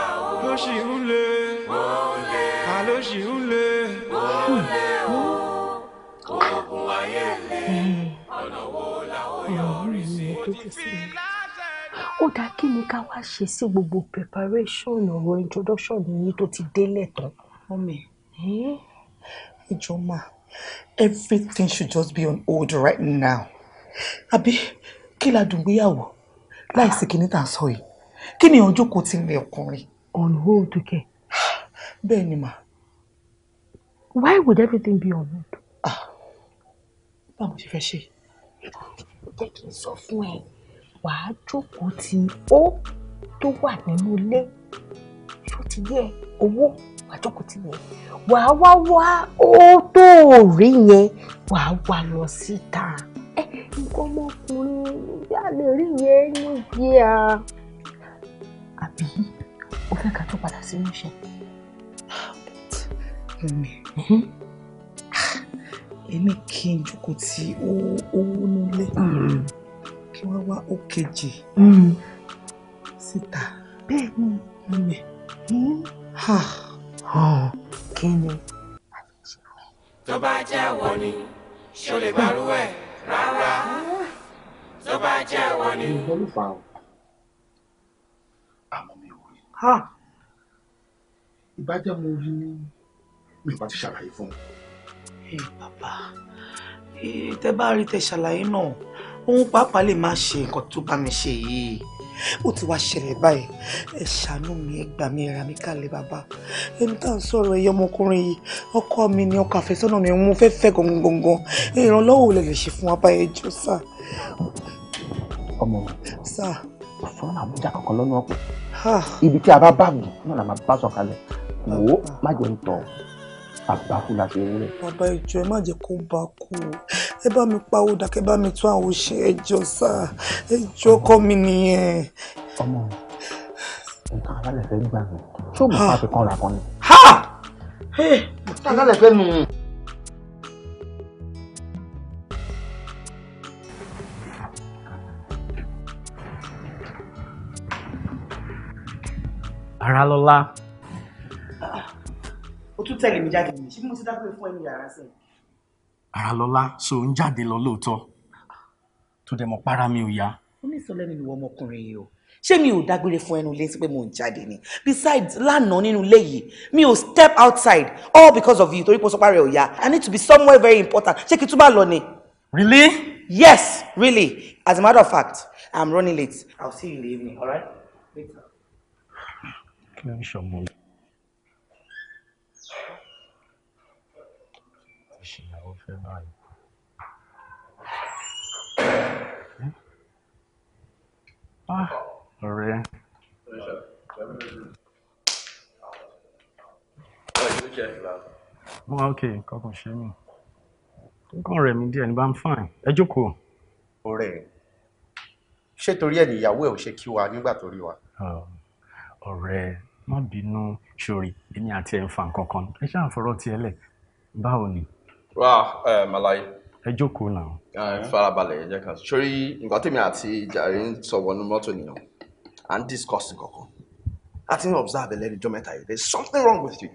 ó. ó dá kí ni ká wá ṣe sí gbogbo preparation ọ̀rọ̀ introduction yìí tó ti délẹ̀ tán. mọ́mí ìjọ máa everything should just be on hold right now àbí kí la dùn gbéyàwó láìsí kí ni tà ń sọ yìí kí ni ọjọ́ kò ti lè ọkùnrin. on hold kẹ. bẹ́ẹ̀ ni mà. why would everything be on hold. Ah, báwo ṣe fẹ́ ṣe. jẹ́ kí n sọ fún ẹ wàá jókòó ti ó tó wà nínú ilé tó ti yẹ owó wàá jókòó ti yẹ wàá wá wá ó tó rí yẹn wàá wá lọ síta ẹ nǹkan ọmọkùnrin yà lè rí yẹn níbi à àbí o fẹ́ ká tó padà sínú iṣẹ́. èmi mhm. kì í jókòó ti owó nílé. Mm kí wọ́n wá ó kejì hmm. síta. bẹ́ẹ̀ni ọmọ ẹ kí ni. tó bá jẹ́ wọ́n ni ṣó lè gbàrú ẹ̀ rárá tó bá jẹ́ wọ́n ni. ìbọn ló fà á àmọ́ mi mo rí ni mi bá ti ṣàlàyé fún un. ẹ eh, bàbá eh, tẹ bá rí tẹ ṣàlàyé náà òun pàápàá lè má ṣe nǹkan tó bá mi ṣe yìí ó ti wá ṣẹlẹ̀ báyìí ẹ ṣàánú mi ẹ gbà mí ra mi kálẹ̀ bàbá ẹni tá à ń sọ̀rọ̀ ẹyẹ ọmọkùnrin yìí ọkọ mi ni ọkọ àfẹ́sọ́nà mi mo fẹ́ fẹ́ gangan ìrànlọ́wọ́ lè lè ṣe fún wa báyìí jọ sà. ọmọ mi sà fún àbújá kankan lọ́nà ọ̀pọ̀ ibi tí a bá bá náà la máa bá sọ̀kalẹ̀ wò ó má jẹun tọ̀ àgbákù la ṣe wúlẹ̀. bàbá ìjọ ẹ má jẹ́ kó bá kú o ẹ bá mi pawó dákẹ́ bá mi tún àwọn òṣè ẹjọ́ sáà ẹjọ́ kọ́ mi nìyẹn. ọmọ nǹkan alálẹ̀ fẹ́ gbà mí tó mọ̀ fà fi kàn kan ni. ha! nǹkan alálẹ̀ fẹ́ nù. Aralola o tún tẹ̀lé mi jáde ṣé mo ti dágbére fún ẹni yàrá sẹ́yìn. Aralọ́lá so ń jáde lọ lóòótọ́ tó dẹ̀ mọ́ para mi ò yá. ó ní ìsọlẹ́ mi ìwọ ọmọkùnrin yìí o ṣé mi ò dágbére fún ẹnu ilé sí pé mo ń jáde ni besides lánàá nínú ilé yìí mi ò step outside all because of you torí pé o sọ párẹ̀ ò yá I need to be somewhere very important ṣé kí túbà lọ ni. Really? Yes, really. As a matter of fact, I'm running late. I'll see you in the evening, all right? Later. Kí ló ń ṣọmọ? Right. Ah, okay. Ah, over here. Mo wà ókè nǹkan kan ṣe mí. Nǹkan rẹ̀ mi díẹ̀ ní bá ń fine. Ẹ jókòó. Ọ̀rẹ́ ṣé torí ẹ̀ níyàwó ẹ̀ ò ṣe kí wa nígbà tó rí wa? Ah, ọ̀rẹ́ má bínú ṣorí èmi àti ẹ̀ ń fa nǹkan kan. Ẹ ṣáà fọ̀rọ̀ tiẹ̀ lẹ̀. Báwo ni? wá ẹ malaye. ẹ jókòó náà. ẹ eh, farabalẹ̀ ẹ jẹ́ ká sórí nǹkan tèmi àti jàre ń sọ wọnú mọ́tò nìyẹn à ń discuss nǹkankan I think ń observe lẹ́nu ijọ́ mẹ́ta yìí there is something wrong with you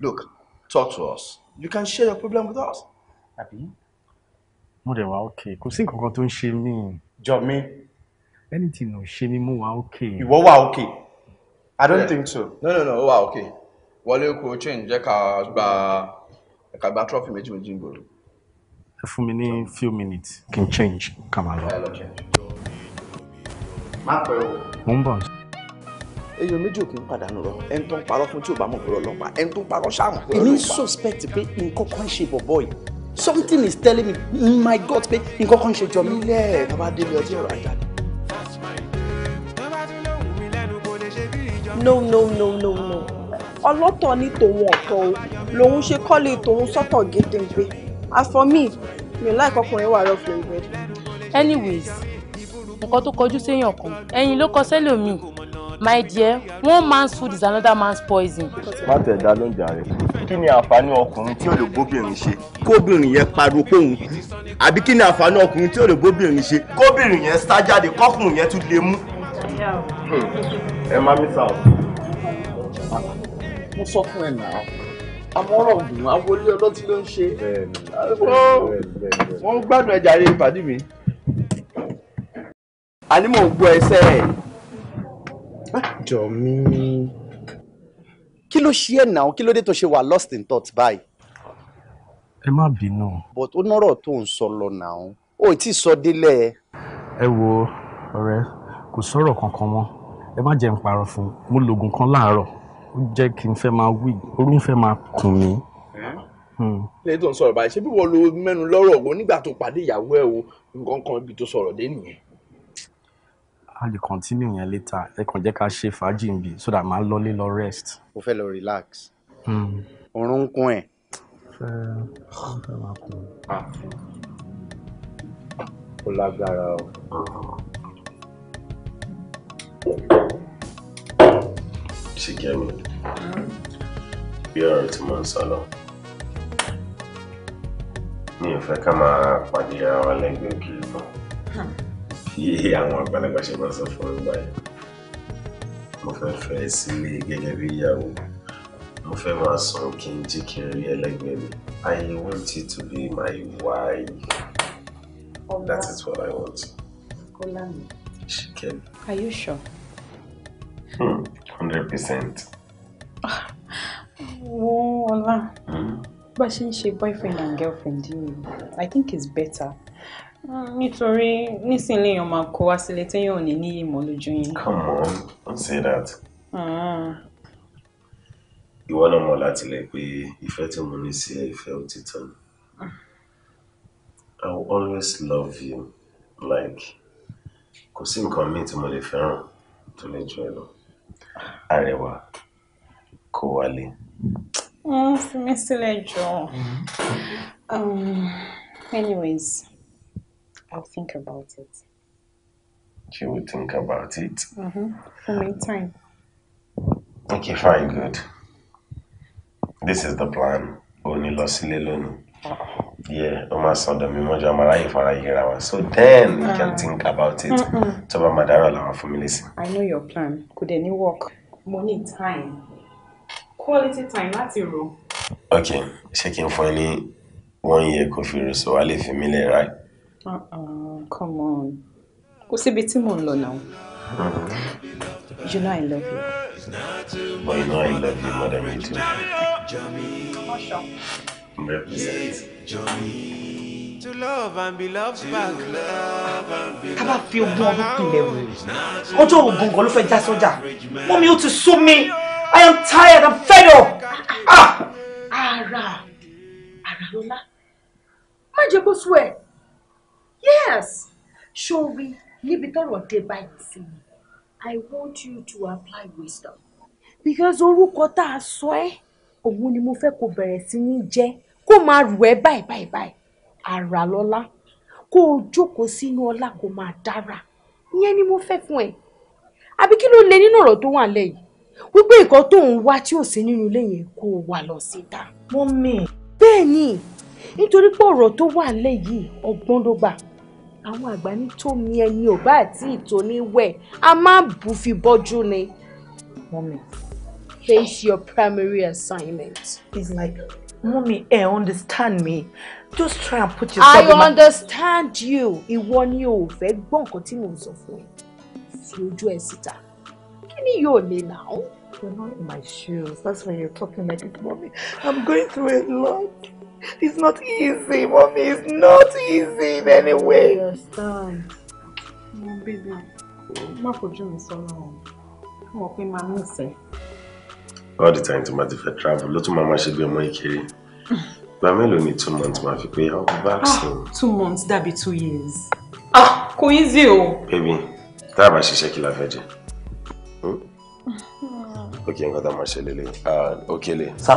look talk to us you can share your problem with us. àbí mo dẹ̀ wá òkè kò sí nǹkan kan tó ń ṣe mí. jọ mi. anything ò ṣe mí mo wá òkè. ìwọ wà òkè i don't yeah. think so. no no no ó wà òkè wọlé kó change jẹ́ ká gba ẹ̀ka gba trọ́fì méjì méjì ń ẹ fún mi ní few minutes kí n change kà máa lọ. má pẹ́ o. mo ń bọ̀. èèyàn méjì ò kì í pàdánù rọ ẹni tó ń parọ́ fún tí ò bá mọ̀ pé ọlọ́pàá ẹni tó ń parọ́ sáwọn pé ọlọ́pàá. suspect pé nǹkan kan ṣe bọ̀bọ̀ yìí something is telling me my god pé nǹkan kan ṣe jọ mi. ilé ẹ̀ tó bá débi ọtí ajá no no no no no ọlọ́tọ̀ ní tòun ọ̀tọ̀ o lòun ṣe kọ́lé tòun sọ́tọ̀ gédéǹgbé as for me mi ò láì kọkùnrin wà rọ́ọ̀fù ìwé. anyways nǹkan tó kọjú séèyàn kan ẹ̀yin ló kọ sẹ́lòmíì my dear one man's food is another man's poison. má tẹ̀ dá ló ń jà kí ni àǹfààní ọkùnrin tí ò lè ṣe kóbìnrin yẹn pariwo kóhun àbí kí ni àǹfààní ọkùnrin tí ò lè ṣe kóbìnrin yẹn sá jáde kọkùnrin yẹn tún lè mú. Hmm. ẹ má mi sá o. mo sọ fún ẹ náà amọ́rọ̀gùn awolé ọlọ́tí ló ń ṣe wọ́n gbádùn ẹja rẹ ìpàdé mi àní mò ń gbọ́ ẹsẹ̀ ẹ̀. jọ mí. kí ló ṣe ẹ̀ náà kí ló dé tó ṣe wà lost in thought báyìí. ẹ má bínú. but ó nọ́rọ̀ tó ń sọ lọ náà ó tí ì sọ délẹ̀. ẹ wo ọ̀rẹ́ kò sọ̀rọ̀ kankan mọ́ ẹ má jẹ́ n parọ́ fún un mo lògùn kan láàárọ̀ ó jẹ́ kí n fẹ́ máa wí orí ń fẹ́ máa kùn mí. ilé hmm. tó ń sọ̀rọ̀ báyìí ṣé bí wọ́n lo mẹ́nu lọ́rọ̀ wo nígbà tó pàdé ìyàwó ẹ̀ o nǹkan kan ibi tó sọ̀rọ̀ dé nìyẹn. a lè continue yẹn later ẹ kàn jẹ́ ká ṣe fàájì nbí so that màá lọlé lọ rest. o fẹ́ lọ relax. oorun hmm. ń kún ẹ̀. ó lágbára o. She kí ẹ̀mí bí ọ̀rọ̀ tí mo ń sọ lọ mi ò fẹ́ ká máa pàdé ara wa lẹ́gbẹ̀ẹ́ òkèèrè kan bí àwọn àgbàlagbà ṣe máa sọ fún mi báyìí mo fẹ́ fẹ́ sílé gẹ́gẹ́ bí ìyàwó mo fẹ́ máa sọ kí n jí kí I want you to be my wife that is what I want. She can. Are you sure? Hmm hundred percent. wo ọlá hmm? bá a ṣe boyfriend and girlfriend i think it's better hmm, nítorí nísìnyí lèèyàn máa kó wá sílé téèyàn ò ni níyì mọ́ lójú yín. come on don't say that. Hmm. ìwọ náà mọ̀ láti lè pé ìfẹ́ tí mo ní sí ẹ ìfẹ́ òtítọ́ ni. I will always love you like kò sí nǹkan míì tí mo lè fẹ́ràn tó lè jù ẹ́ lọ. Arẹwà Kówálé. Wọ́n mm, fi mí sílẹ̀ jọ. Um, anyways, I'll think about it. She will think about it. Mm-hmm. For me time. Okay, fine, good. This is the plan. Ó ní lọ sílé lónìí yeah ó máa sàn dọ̀ mí mọ́jú àmọ́ aráyè fara yẹra wa so then you can ah. think about it tó bá máa dára làwọn fún mi lẹ́sìn. I know your plan Could dẹ̀ work mo need time quality time láti rò. ok ṣé kí n fún ẹ ní one year kò fi rò so wàá lè fi mí lẹ̀ right. Uh-uh, come on kò síbi tí mò ń lọ náà. Mm-hmm. You know I love you. But you know I love you more than you do. To love and be loved back. Tá bá fi ogún ọdún pinlẹ̀ wò rè. Ọjọ́ ògùn kan ló fẹ́ já sọ́jà. Mọ́mi ó ti sú mi. I am tired, I'm fed up. Ah, ah. Ara Aralọ́lá, má jẹ́ kó sú ẹ̀. Yes, ṣòwì níbi tọ́rọ̀ dé báyìí sí mi. I want you to apply wisdom. Because orúkọ tá a sọ ẹ́, òun ni mo fẹ́ kó bẹ̀rẹ̀ sí ní jẹ́ kó máa rù ẹ́ báyìí báyìí báyìí àrà lọ́lá kó o jókòó sínú ọlá kó máa dára ìyẹn ni mo fẹ́ fún ẹ àbí kí ló lè nínú ọ̀rọ̀ tó wà nílẹ̀ yìí wípé nǹkan tó ń wá tí ò sí nínú ilé yẹn kó o wà lọ síta. mọ́mì. bẹ́ẹ̀ ni nítorí pé ọ̀rọ̀ tó wà nílẹ̀ ọgbọ́n ló gbà àwọn àgbà ní tó mi ẹni ò bá àti ìtòníwẹ̀ a máa bù fi bọ́jú ni. mọ́mì. here is your primary assignment. it's like Mommy, eh, understand me. Just try and put yourself I in my... understand you. Ìwọ ni o fẹ́ gbọ́ nǹkan tí mo sọ fún ẹ. Fi ojú ẹ síta. Kí yóò lè nà ó? You're not in my shoes. That's why you're talking like this, mommy. I'm going through a lot. It's not easy, mommy. It's not easy in any way. I understand. Mo bíbí, má fojú mi sọ́nà o. Mo mọ̀ pé màá mú ìsẹ́. All the time to màá ti fẹ́ travel Little Mama should be ṣe bí ọmọ Gba mélòó ni two months máa fi pé how oh, back ah, soon? Two months That be two years. Ah, kò easy o. Baby, tá a bá ṣiṣẹ́ kí la Okay, jẹ? Hmm? Hmm. Ok, nǹkan tá lele. máa ṣe lélẹ̀. Ah, Okele. Sá.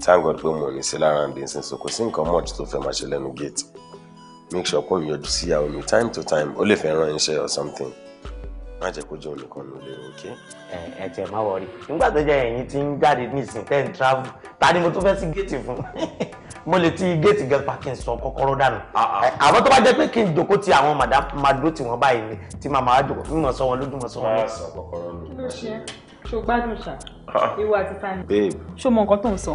Thank God for money. Sell sí lára ǹdí nsìn so kò sí nǹkan much tó fẹ́ máa ṣe lẹ́nu gate. Make sure pé o see síyàwó mi time to time ó lè fẹ́ rán iṣẹ́ or something má jẹ́ kó jẹ́ olùkọ́ mi lè ok. ẹ ẹ tiẹ̀ má wọrí nígbà tó jẹ́ ẹ̀yin tí ń jáde nísìnyí tẹ́ ń travel ta ni mo tún fẹ́ sí géètì fún mo lè ti géètì girl park sọ kọ́kọ́rọ́ dànù ah, ah. àwọn tó bá jẹ́ pé kí n jókòó ti àwọn madam máa dúró tí wọ́n báyìí ni tí màá máa jókòó fún mọ̀ sọ wọn lójú mọ̀ sọ wọn. sọ kọ́kọ́rọ́ mi. ló ṣe ṣó gbádùn ṣá ah. ìwà àti tani. babe ṣó mọ nǹkan tó ń sọ.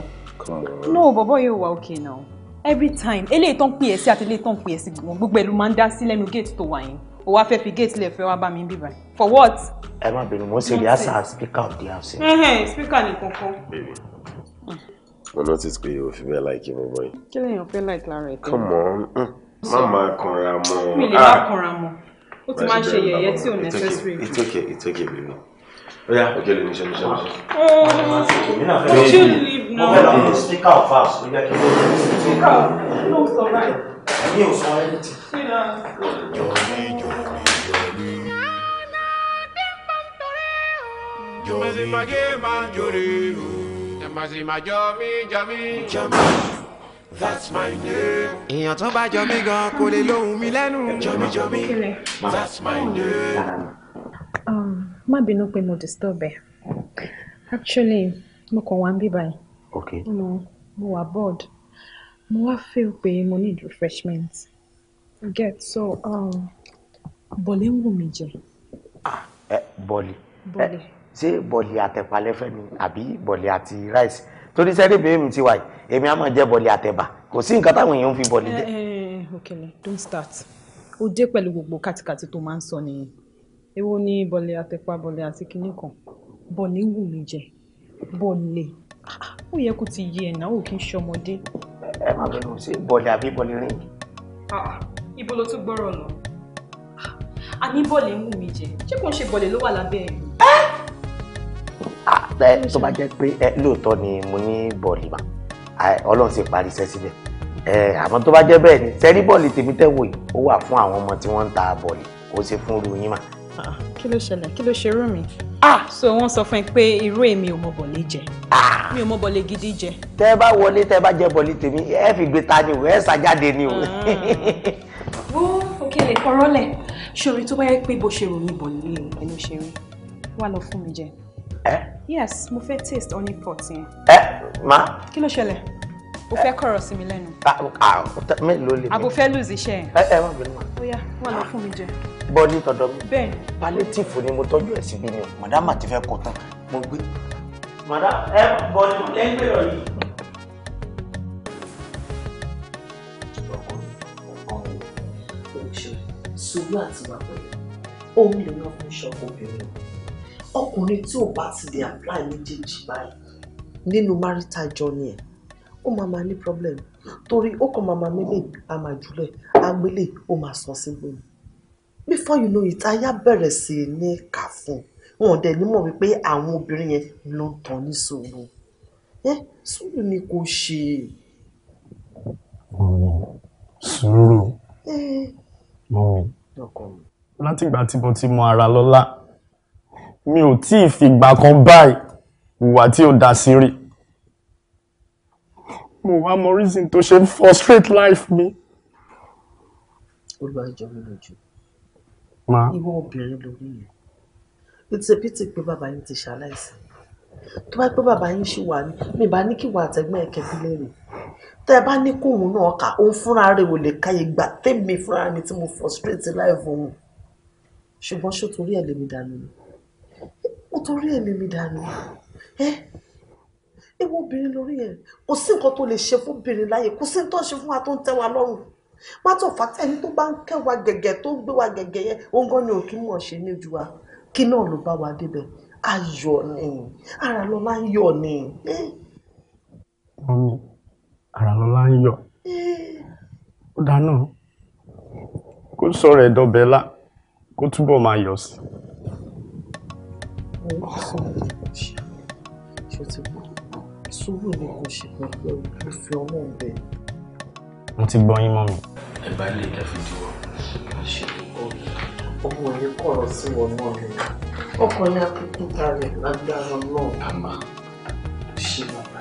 no bọ̀bọ̀ yóò wá òkè náà every time eléyìí tó ń pè é sí àti eléyìí tó ń é sí gbogbo ẹ̀ ló máa ń dá sí lẹ́nu géètì tó wà o wá fẹ́ fi gate lẹ̀ fẹ́ wá bá mi bí báyìí for what. ẹ má bínú mo ṣe rehearsal speaker of the house. speaker nìkan kan. Hmm. mo notice pé o fi bẹ́ẹ̀ láìkí mo bọ́ yìí. kí lèèyàn fẹ́ láìkí lára ẹ̀ tẹ́lẹ̀. come on hmm. má máa kanra mọ́. mi lè má ah. kanra mọ́ ó ti máa ń ṣe yẹ̀yẹ́ tí ò necessary. it's okay it's okay baby. Oya, ok, le mission, mission, mission. Oh, should leave now. Mo fẹ́ lọ speaker of house. Speaker of house. No, it's alright mi that's my name. èèyàn tó bá jọ mí gan kò lè lóhùn mi lẹ́nu. that's my name. Um, má bínú pé mo disturb ẹ actually mo kàn wá ń bí báyìí mo wà bored mo wá feel pé mo need refreshment get so um, bọ̀lì ń wù mí jẹ. Ah, bọ̀lì eh, ṣé bọ̀lì àtẹ̀pálẹ́fẹ́ ni àbí bọ̀lì àti rice torí sẹ́ni bí mi ti wà yìí èmi á máa jẹ́ bọ̀lì àtẹ̀bà kò sí nǹkan táwọn èèyàn ń fi bọ̀lì jẹ. Eh, eh, Okele don't start o dé pẹ̀lú gbogbo kàtìkàtì tó máa ń sọ nìyẹn èwo ni bọ̀lì àtẹ̀pà bọ̀lì àti kinní kan bọ̀lì ń wù mí jẹ bọ̀lì ah, ó yẹ kó ti yé ẹ̀ náà ó kì í ṣọmọdé ẹ má bínú sí bọ̀dẹ̀ àbí bọ̀lẹ̀ rìn. Ah, ah, ibo ló tún gbọ́rọ̀ lọ àní ah, bọ̀lẹ̀ ń wù mí jẹ ṣé kò ń ṣe bọ̀lẹ̀ ló wà lábẹ́ ẹ̀ mi. tó bá jẹ́ pé lóòótọ́ ni mo ní bọ̀lì mà ọlọ́run ti parí iṣẹ́ síbẹ̀ àmọ́ tó bá jẹ́ bẹ́ẹ̀ ni sẹ́rí bọ̀lì tèmi tẹ̀wò yìí ó wà fún àwọn ọmọ tí wọ́n ń ta bọ̀lì kó ṣe fún irú yín mà. kí ló ṣẹlẹ̀ kí ló ṣerú mi ah so wọ́n sọ fún ẹ pé irú èmi ò mọ bọ̀lé jẹ ah! mi ò mọ bọ̀lé gidi jẹ. tẹ bá wọlé tẹ bá jẹ bọ̀lé tèmi ẹ fi gbé ta ni o ẹ ṣàjáde ni o. Ah. wo òkèlè kọrọlẹ ṣòrí tó bá yẹ pé bó ṣe ròyìn bọ̀lé ẹnu ṣe wà lọ fún mi jẹ. ẹ. yes mo fẹ́ taste honey pot yẹn. ẹ ma. kí ló ṣẹlẹ̀ o fẹ́ kọ̀rọ̀ sí mi lẹ́nu. Ah, mélòó lè mi. àbò fẹ́ lùzí iṣẹ́ yẹn. ẹ ẹ má bínú ma. ó wà lọ fún mi jẹ bọ́ ní tọ̀dọ̀ mi. bẹ́ẹ̀ palliative ni mo tọ́jú ẹ̀ sí gbìyànjú madam àti fẹ́ kó tán mo gbé. madam ẹ bọ́ ní lẹ́gbẹ̀ẹ́ rẹ̀ yìí. sùúrù àti wà pẹ̀lú òun lè lọ fún ṣọ́ọ̀kù obìnrin ọkùnrin tí ò bá ti lè apply méjèèjì báyìí nínú marital journey ẹ̀ ó máa máa ní problem torí ó kàn máa máa mélèé a máa jùlẹ̀ agbélé ó máa sọ sí gbòmìnira before you know it aya bẹ̀rẹ̀ sí ní kà fún un wọn ò dẹ̀ ní mọ̀ wípé àwọn obìnrin yẹn ló ń tan ní sùúrù sùúrù ni kò ṣe. mọ̀mí sùúrù mọ̀mí látìgbà tí mo ti mọ ara lọ́lá mi ò tí ì fìgbà kan báyìí ìwà tí ò dá sí rí mo wá mọ reason tó ṣe frustrate life mi. olùwàjọ mi lójú ma. ìwọ obìnrin lórí yẹn it's a pity pé bàbá yín ti ṣaláìsí tó bá pé bàbá yín ṣì wà ní mi bá ní kí ìwà àtẹ̀gbọ́n ẹ̀ kẹ́bí lérè tẹ́ ẹ bá ní kóhùn náà kà òun fúnra rẹ̀ ò lè ka ìgbà tèmi fúnra mi tí mo frustrate láìfọ òun ṣùgbọ́n ṣó torí ẹ̀ lèmi dànù ni ó torí ẹ̀ lèmi dànù ẹ́ ewu obìnrin lórí ẹ̀ kò sí nǹkan tó lè ṣe fún obìnrin láyè kò sí nǹkan tó ṣe fún wa tó ń tẹ́ wa lọ́rùn matter of fact ẹni tó bá ń kẹ́ wa gẹ̀gẹ̀ tó ń gbé wa gẹ̀gẹ̀ yẹn òun gan ni ò kí mọ̀ ṣe ní ojú wa kí náà ló bá wa débẹ̀ ayọ̀ ni ara lọ́la ń yọ̀ ni. mọ́mí ara lọ́la ń yọ̀ ó dáná kó sọ̀rọ̀ ẹ̀dọ́bẹ̀lá kó túbọ̀ máa yọ̀ sí i. sùúrù ni kò ṣe pẹ̀lú ìfẹ́ ọlọ́run bẹ́ẹ̀ mo ti gbọ́ yín mọ́ mi. ẹ bá ilé kẹfì tí wọn ṣe yìí kọ̀rọ̀ sí wọn náà ni ọkùnrin akíkúta rẹ̀ lágbára náà àmà ṣe bàbá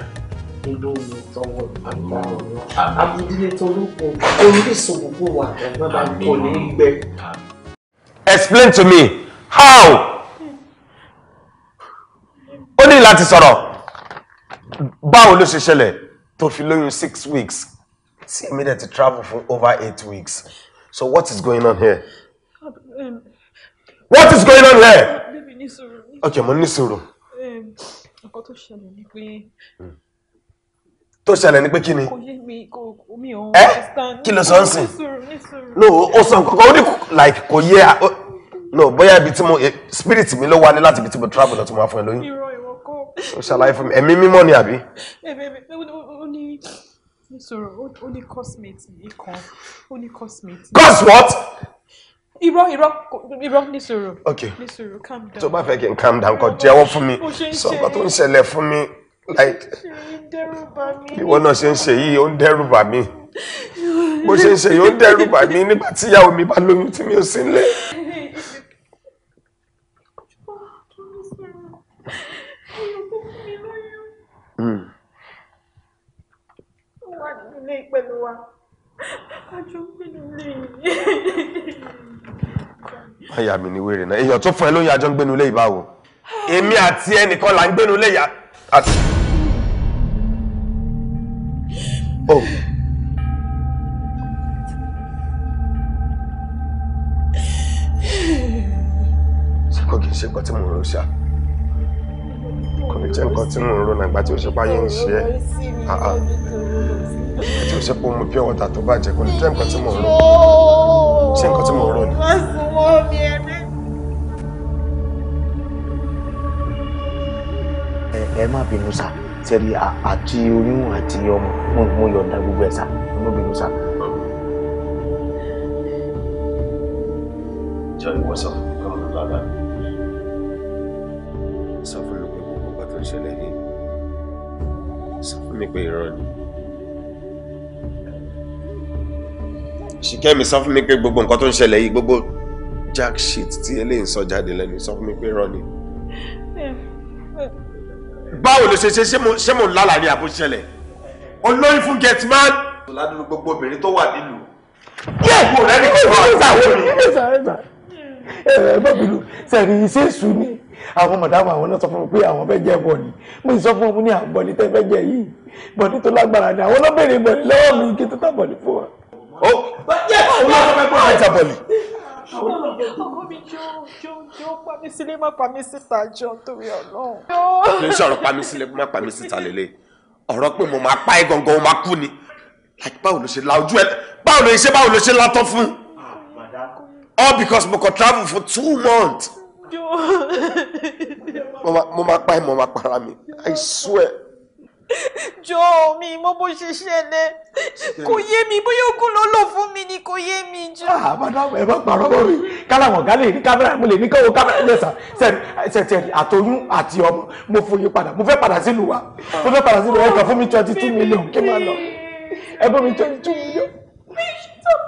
ìlú mi tọwọ́ lágbára náà abudulé tolúkọ orísun gbogbo wà lọ́dà kò ní gbẹ. explain to me how ó ní láti sọ̀rọ̀ báwo ló ṣe ṣẹlẹ̀ tó fi lóyún six weeks See èmi dẹ̀ ti travel for over eight weeks so what is going on here. Um, what is going on here. Okay, ní sùúrù. ok mo ní to um, nǹkan tó ṣẹlẹ̀ ni pé. tó Eh? ni pé kí no o sọ nǹkan kan like kò yé no bóyá ibi tí mo eh, spirit mi ló wá ní láti ibi tí mo travel lọ tí mo wá fún ẹ lóyún. irọ́ ìwọ kọ́. o ṣàlàyé fún mi ẹ̀mí mímọ́ ni àbí. ẹ̀mí eh, mi sọ̀rọ̀ ó ní cosmate mi kan ó cosmate. cos what. irọ́ irọ́ irọ́ ní Okay. ok calm down. tó bá fẹ́ kí n calm down kó jẹ́wọ́ fún mi sọ nǹkan tó ń ṣẹlẹ̀ fún mi like ìwọ náà ṣe ń ṣe yìí ó ń dẹ́rù bà mí bó ṣe ń ṣe yìí ó ń dẹ́rù bà mí nígbà tíyàwó mi bá lóyún tí mi ò sí nílé. ilé pẹ̀lú wa àjọ gbénu lé yìí. àyà mi ni wèrè náà èèyàn tó fún ẹ lóyún àjọ ń gbénu lé yìí èmi àti ẹnìkan là ń gbénu lé yà Oh. ṣé kò kí ṣe nǹkan tí mo rò ṣáà kò ní jẹ́ nǹkan tí mò ń ro nàgbà tí ó ṣe báyé ń ṣe ẹ́ ah, ah. tí ó ṣe pé omi pure water tó bàjẹ́ kò ní jẹ́ nǹkan tí mò ń ro ṣé nǹkan tí mò ń ro ẹ má bínú sá sẹ́rí àti oyún àti ọmọ mo yọ̀ǹda gbogbo ẹ̀ sá ẹ bínú sá. jọ ìwọ sọ kọ́mọ̀tò bàbá mi. ń ṣẹlẹ̀ ní sọ fún mi pé irọ́ ni. ṣìkẹ́mi sọ fún mi pé gbogbo nǹkan tó ń ṣẹlẹ̀ yìí gbogbo jack shit tí eléyìí ń sọ jáde lẹ́nu sọ fún mi pé irọ́ ni. báwo ló ṣe ṣe ṣé mò ń lálàá ní àbó ṣẹlẹ̀ olórí fún getman. ládùúgbò gbogbo obìnrin tó wà nílùú. yẹ́ẹ̀ kò rẹ́ni kò wá sáwọn mi. ẹ ẹ bọ́bìlú sẹ̀rí iṣẹ́ ìṣú ni àwọn mọ̀dámù àwọn náà sọ fún mi pé àwọn fẹ́ jẹ́ bọ̀ọ̀lì mo sì sọ fún mi ní àbọ̀ọ̀lì tẹ́ fẹ́ jẹ yìí bọ̀ọ̀lì tó lágbára ni àwọn lọ́bẹ̀rẹ̀ bọ̀ọ̀lì lọ́wọ́ mi kí tó tábọ̀ọ̀lì fún wa. ó bàjẹ́ àwọn ọlọ́pàá bọ̀ ọ̀tà bọ̀ọ̀lì. ọkọ mi jó jó jó pa mí sílé má pa mí síta jọ torí Ọlọ́run. kì í sọ̀rọ̀ pa mí sílé má pa mí síta lélẹ̀ ọ̀rọ̀ pé mo máa pa ẹ́ gangan mo máa kú ni báwo ló ṣe la ojú ẹ báwo ló ṣe báwo ló ṣe látọ́ fún all because mo kàn travel for two months jọ̀ọ́. mo máa pa ẹ mo máa para mi i swear. jọ̀ọ́ mi mo bó ṣe ṣẹlẹ̀ kò yé mi bóyá ogun ló lò fún mi ni kò yé mi jọ. Ah, àbádọ́mọ ẹ má parọ́ mọ́ mi káláwọ̀n ọ̀gá lè ní kámẹ́rà mo lè ní káwọ́ kámẹ́rà lẹ́sà sẹ̀tẹ̀rì àtọyún àti ọmọ mo fòye padà mo fẹ́ padà sílùú wa mo fẹ́ padà sílùú wa ẹ fún mi twenty two million kí n máa lọ ẹ bọ́ mi twenty two million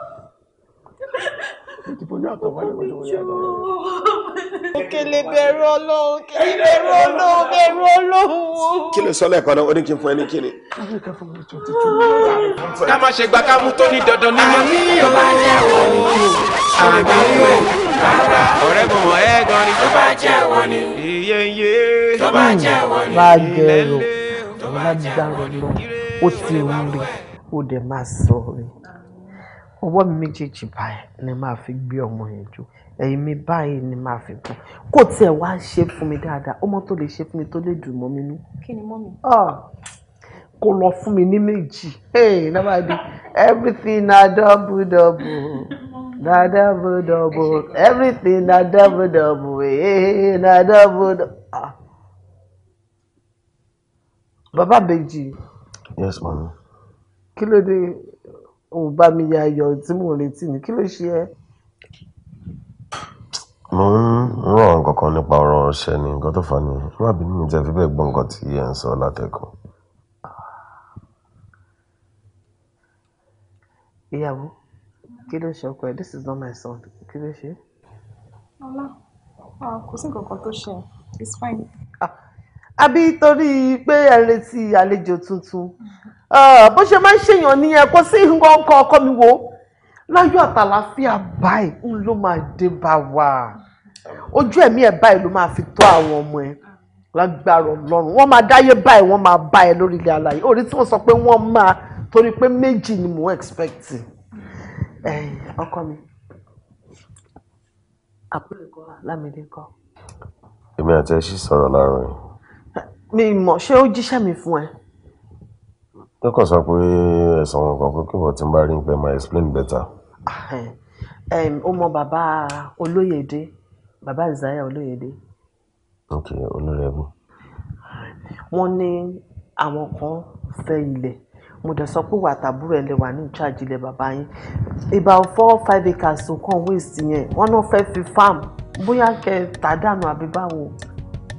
ti fojú àtọwọlé wọlé wọlé àtọwọlé. Òkèlè bẹ̀rù Ọlọ́run, òkèlè bẹ̀rù Ọlọ́run, bẹ̀rù Ọlọ́run. Kí ló sọ lẹ́ẹ̀kan náà? Ó ní kí n fún ẹ ní kíni. Ká má ṣe gbà ká mú tó ní dandan nínú. Àmì yóò bá jẹ́ wọn ni. Àmì yóò rárá. Ọ̀rẹ́ mo mọ̀ ẹ́ gan ni. Tó bá jẹ́ wọn ni. Iye iye. Tó bá jẹ́ wọn ni. Bá gẹ̀rọ, bá dárò lọ, ó ti ń rí, ó dẹ̀ máa sọ Ọwọ́ mi méjèèjì báyìí ni màá fi gbé ọmọ yẹn jó èmi báyìí ni màá fi bù kó tiẹ̀ wá ṣe fún mi dáadáa ọmọ tó lè ṣe fún mi tó lè dùn mọ́ mi nú. kí ni mọ́ mi. Ah, kó lọ fún mi ní méjì nobody everything na double double na double double everything na double double na ah. double double. bàbá bèjì. yes mami. kí ló dé òun bá mi ya ayọ̀ tí mò ń retí ni kí ló ṣe ẹ́. Mo ń rò ǹkankan nípa ọ̀rọ̀ ọṣẹ ni ǹkan tó fàá ni. má bínú mi tí fi bẹ́ẹ̀ gbọ́ ǹkan tí ẹ̀ ń sọ látẹ̀kún. Ìyàwó, kí ló ṣe ọkọ ẹ? This is not my son. Kí ló ṣe? Ọlá, kò sí ǹkankan tó ṣe. It's fine. Ah, àbí torí pé ẹ retí àlejò tuntun. Ah, bó ṣe máa ń ṣèyàn nìyẹn, kò sí ǹkan kan ọkọ mi wò. Láyọ̀ àtàlàáfíà báyìí, ń ló máa dé bá wa ojú ẹ̀mí ẹ̀ báyìí ló máa fi tó àwọn ọmọ ẹ̀ lágbára ọlọ́run wọ́n máa dáyé báyìí wọ́n máa bá ẹ lórí ilẹ̀ alààyè orí tí wọ́n sọ pé wọ́n máa torí pé méjì ni mò ń expect ọkọ mi àpèlè kọ́ lámìdé kọ́. èmi àti ẹ ṣì sọ̀rọ̀ láàárọ̀ yìí. mi mọ̀ ṣé ó jíṣẹ́ mi fún ẹ. ó kàn sọ pé ẹ̀sán wọn kan pé kí wọ́n ti ń bá rí pé máa explain better. ó mọ bàbá olóyèdè bàbá Isaiah Olóyèdè. ok olórẹ́bù. wọ́n ní àwọn kan fẹ́ ilẹ̀ mo dẹ̀ sọ pé wàtàbúrò ẹ̀ lè wà ní ìcháàjì ilẹ̀ bàbá yín about four five acres kan waste yẹn wọ́n náà fẹ́ fi farm bóyá kẹ tàdánù àbí báwo.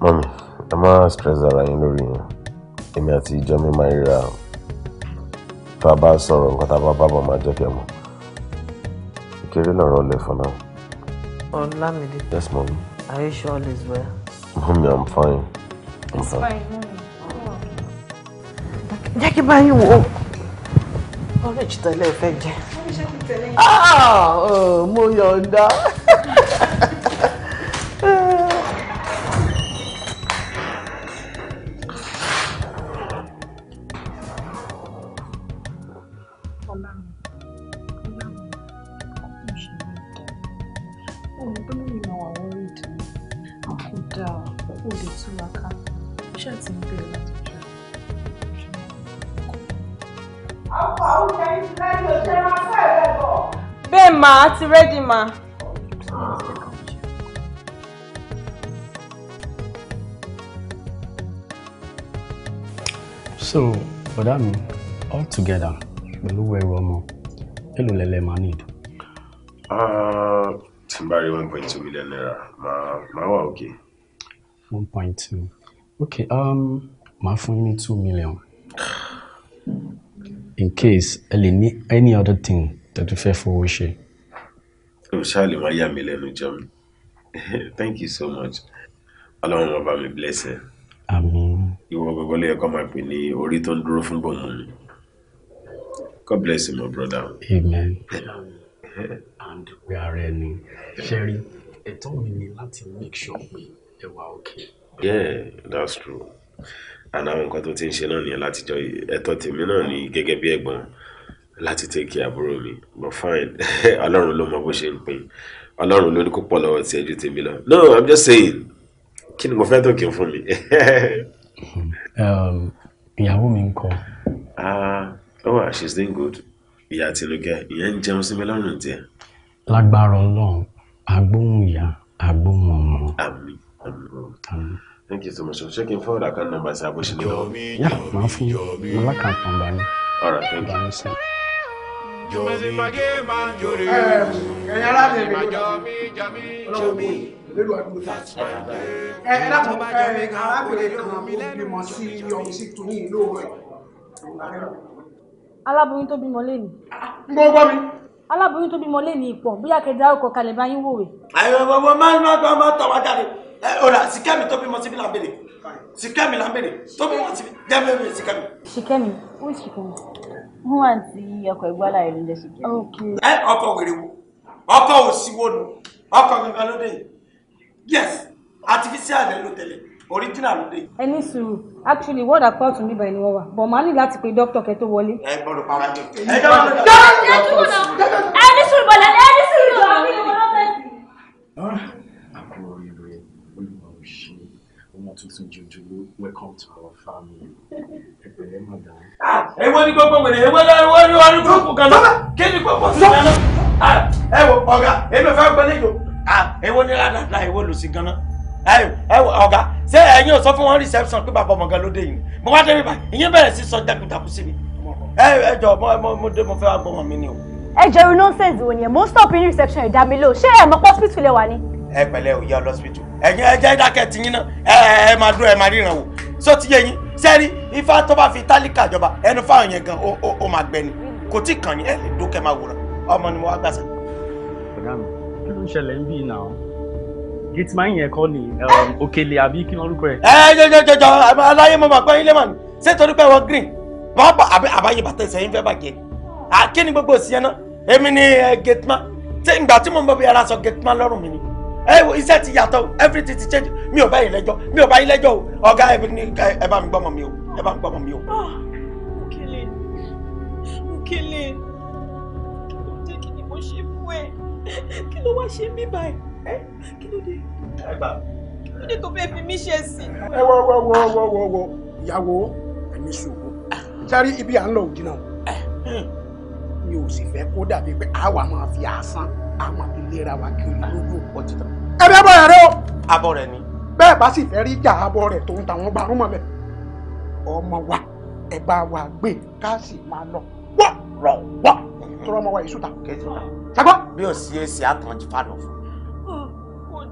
mọ́mi ẹ má stress ara yín lórí yẹn èmi àti ìjọ mi máa ríra tá a bá sọ̀rọ̀ nǹkan tá a bá bá bọ̀ máa jẹ́ kẹ́ mọ̀ kéré lọ́rọ̀ lẹ̀ náà. Olamide. Yes, mom. Are you sure all is well? Mommy, I'm fine. I'm it's fine. fine, mommy. Jẹ́ kí báyìí wò ó. Orange tẹ̀lé ẹ fẹ́ jẹ. Orange tẹ̀lé. Ah! Oh, mo yọ̀ǹda. ọmọ pé mímì máa wà wọ́n rí àkúdà ó lè túra ká ṣé ń bẹ̀rẹ̀ láti jọ ọkọ̀ bẹ́ẹ̀ bọ̀. bẹ́ẹ̀ ti rẹ́dí máa. so bọ̀dá mi all together pẹ̀lú ẹrù ọmọ èlò lẹ́lẹ́ máa need. Uh, tí n bá rí one point two million naira màá màá wà òkè. one point two okay um, màá fún yín ní two million in case ẹ lè ní any other thing tẹ̀tù fẹ́ fowó ṣe. o ṣáà lè máa yà mí lẹ́nu jọ thank you so much ọlọ́run ọba mi bless ẹ. àmín. ìwọ gbogbo lè kọ́ máa pè ní orí tó ń dúró fún bọ̀mù mi. God bless you, my brother. Amen. Amen and we pé ara ẹni ṣẹ́rí ẹ̀tọ́ mi ni láti make sure pé ẹ wà okay. yeah that's true and àwọn nǹkan to ti ń ṣe náà nìyẹn látijọ́ ẹ̀tọ́ tèmi náà ni gẹ́gẹ́ bí ẹ̀gbọ́n láti take care àbúrò mi but fine ọlọ́run ló mọ bó ṣe ń pín ọlọ́run ló ní kó pọ̀ lọ́wọ́ tiẹ̀ ju tèmi no i'm just saying kí ni mo fẹ́ tó kí n fún mi. Um, ìyàwó mi ń kọ. ah oh she's doing good ìyá tìlúkẹ́ ìyẹn ń jẹun síbi lọ́rùn tiẹ̀. lágbára Ọlọ́run agbóhùn ìyá agbóhùn ọmọ. àmín àmín thank you so much ṣé kí n fọwọ́dà account number sí abóṣe ní lọ. yà máa fún mi lákà kan bá mi. ọ̀rọ̀ thank you. ẹ̀yin ẹ ẹ dàpọ̀ ẹ arábìnrin kan ó bímọ sí ọmọ sí tòun yìí lóòrọ̀ aláboyún tó bímọ lẹ́nu. n kò gbọ́ mi. aláboyún tó bímọ lẹ́nu ìpọ̀ bóyá kẹ̀dá ọkọ̀ kalẹ̀ bá yín wòwe. àyẹ̀wò ọmọ máa ń máa máa tọ́ wa jáde ẹ ọ̀rà síkẹ́mi tó bímọ síbi là ń bèrè síkẹ́mi là ń bèrè tó bímọ síbi jẹ́mi síkẹ́mi. síkẹ́mi ó síkẹ́mi. wọ́n wà ní ọkọ̀ ìgbọ́lá ìlú jẹ́ síkẹ́mi. ẹ ọkọ̀ wèrè wo ọkọ̀ òsì wo nu ọkọ̀ gangan lóde yìí yes artificial lẹ́nu tẹ̀lé original ló ẹ ní sùúrù actually word accord to me by ni wọn wà but màá ní láti pe doctor kẹ tó wọlé. ẹ gbọ́dọ̀ pa wájú. ẹ jọba ẹ jọba ẹ ní sùúrù bọlá ẹ ní sùúrù bọlá mi ah, ni mo fẹ́. àbúrò rẹ gbogbo wẹ̀rẹ̀ ewé ní ewé ní wọn ní gúrúùpù kan náà kí ni gbogbo sí kan ah, ẹ wo ọ̀gá èmi fẹ́ gbẹ́lẹ́jọ ewé ní ládàá ewé lòsì gan náà ọ̀gá ṣé ẹ̀yin ò sọ fún wọn reception pé bàbá ọmọọ̀gá ló dé yìí mo wá débi báyìí ìyẹn bẹ̀rẹ̀ sí sọ jákujàku sí mi ẹ jọ mo mo dé mo fẹ́ wá gbọ́mọ mi ni o. ẹ jẹ́ irú nonsense wo nìyẹn mo ń stop in reception ẹ̀dá mi lò ṣé ẹ̀ mọ́ hospital lẹ wà ni. ẹ pẹ̀lẹ́ o yẹ ọ lọsibítù ẹ̀yin ẹ jẹ́ dákẹ́ ti yín náà ẹ ẹ máa dúró ẹ máa ríran wò so ti yẹ yín sẹ́ni ifá tó bá fi tálíkà jọba ẹnu fáwọn yẹn gan ó máa gbẹ ni kò tí kàn yín ẹ lè dókẹ́ máa wòran ọmọ ni mo wá gbàsà. ọ̀gá mi kí ló ń ṣẹlẹ̀ ń bí iná gitman yẹn kọ́ ni um, òkèlè àbí kí lórúkọ ẹ. ẹ jọjọ jọjọ aláyé mo máa pẹ́ ilé màmí ṣé torí pé wọ́n green wọ́n bọ̀ àbáyé bàtà ìsẹ̀yìn fẹ́ bàjẹ́ kí ni gbogbo òsì yẹn náà èmi ni gateman ṣé ìgbà tí mo ń bọ̀ bí ara sọ gateman lọ́rùn mi ni iṣẹ́ ti yàtọ̀ everything ti change mi ò bá yín lẹ́jọ́ mi ò bá yín lẹ́jọ́ o ọ̀gá ẹ bá mi gbọ́mọ mi o ẹ bá mi gbọ́mọ mi o. Ah, òkèlè òkèlè kí ló ń jẹ́ kí ni mo ṣe fún ẹ kí ló wá ṣe mí báyìí kí ló dé. ẹ gbà. kí ló dé tó fẹ́ fi mí ṣe sí. ẹ wọ wọ wọ wọ wọ wọ ìyàwó ẹ̀mí ṣòwò sáré ibi à ń lọ òjì náà mi ò sì fẹ́ kó dàbí pé àwa máa fi àásán àmọ́ ìlera wa kiri lójú ọ̀pọ̀ títàn. ẹ bẹ́ẹ̀ bọ̀ rẹ̀ o. abọ́ rẹ̀ ni. bẹ́ẹ̀ bá sì fẹ́ rí ìjà abọ́ rẹ̀ tó ń ta wọn gbarún mọ́lẹ̀. ọmọ wa ẹ bá wa gbé ká sì máa lọ wọ́ọ̀rọ̀ wọ́ọ̀ tọrọ ọmọ wa yìí sùtà. kẹ́sì ta. sagbọ́. bí o sì é sí àtàn fàdọ̀ fún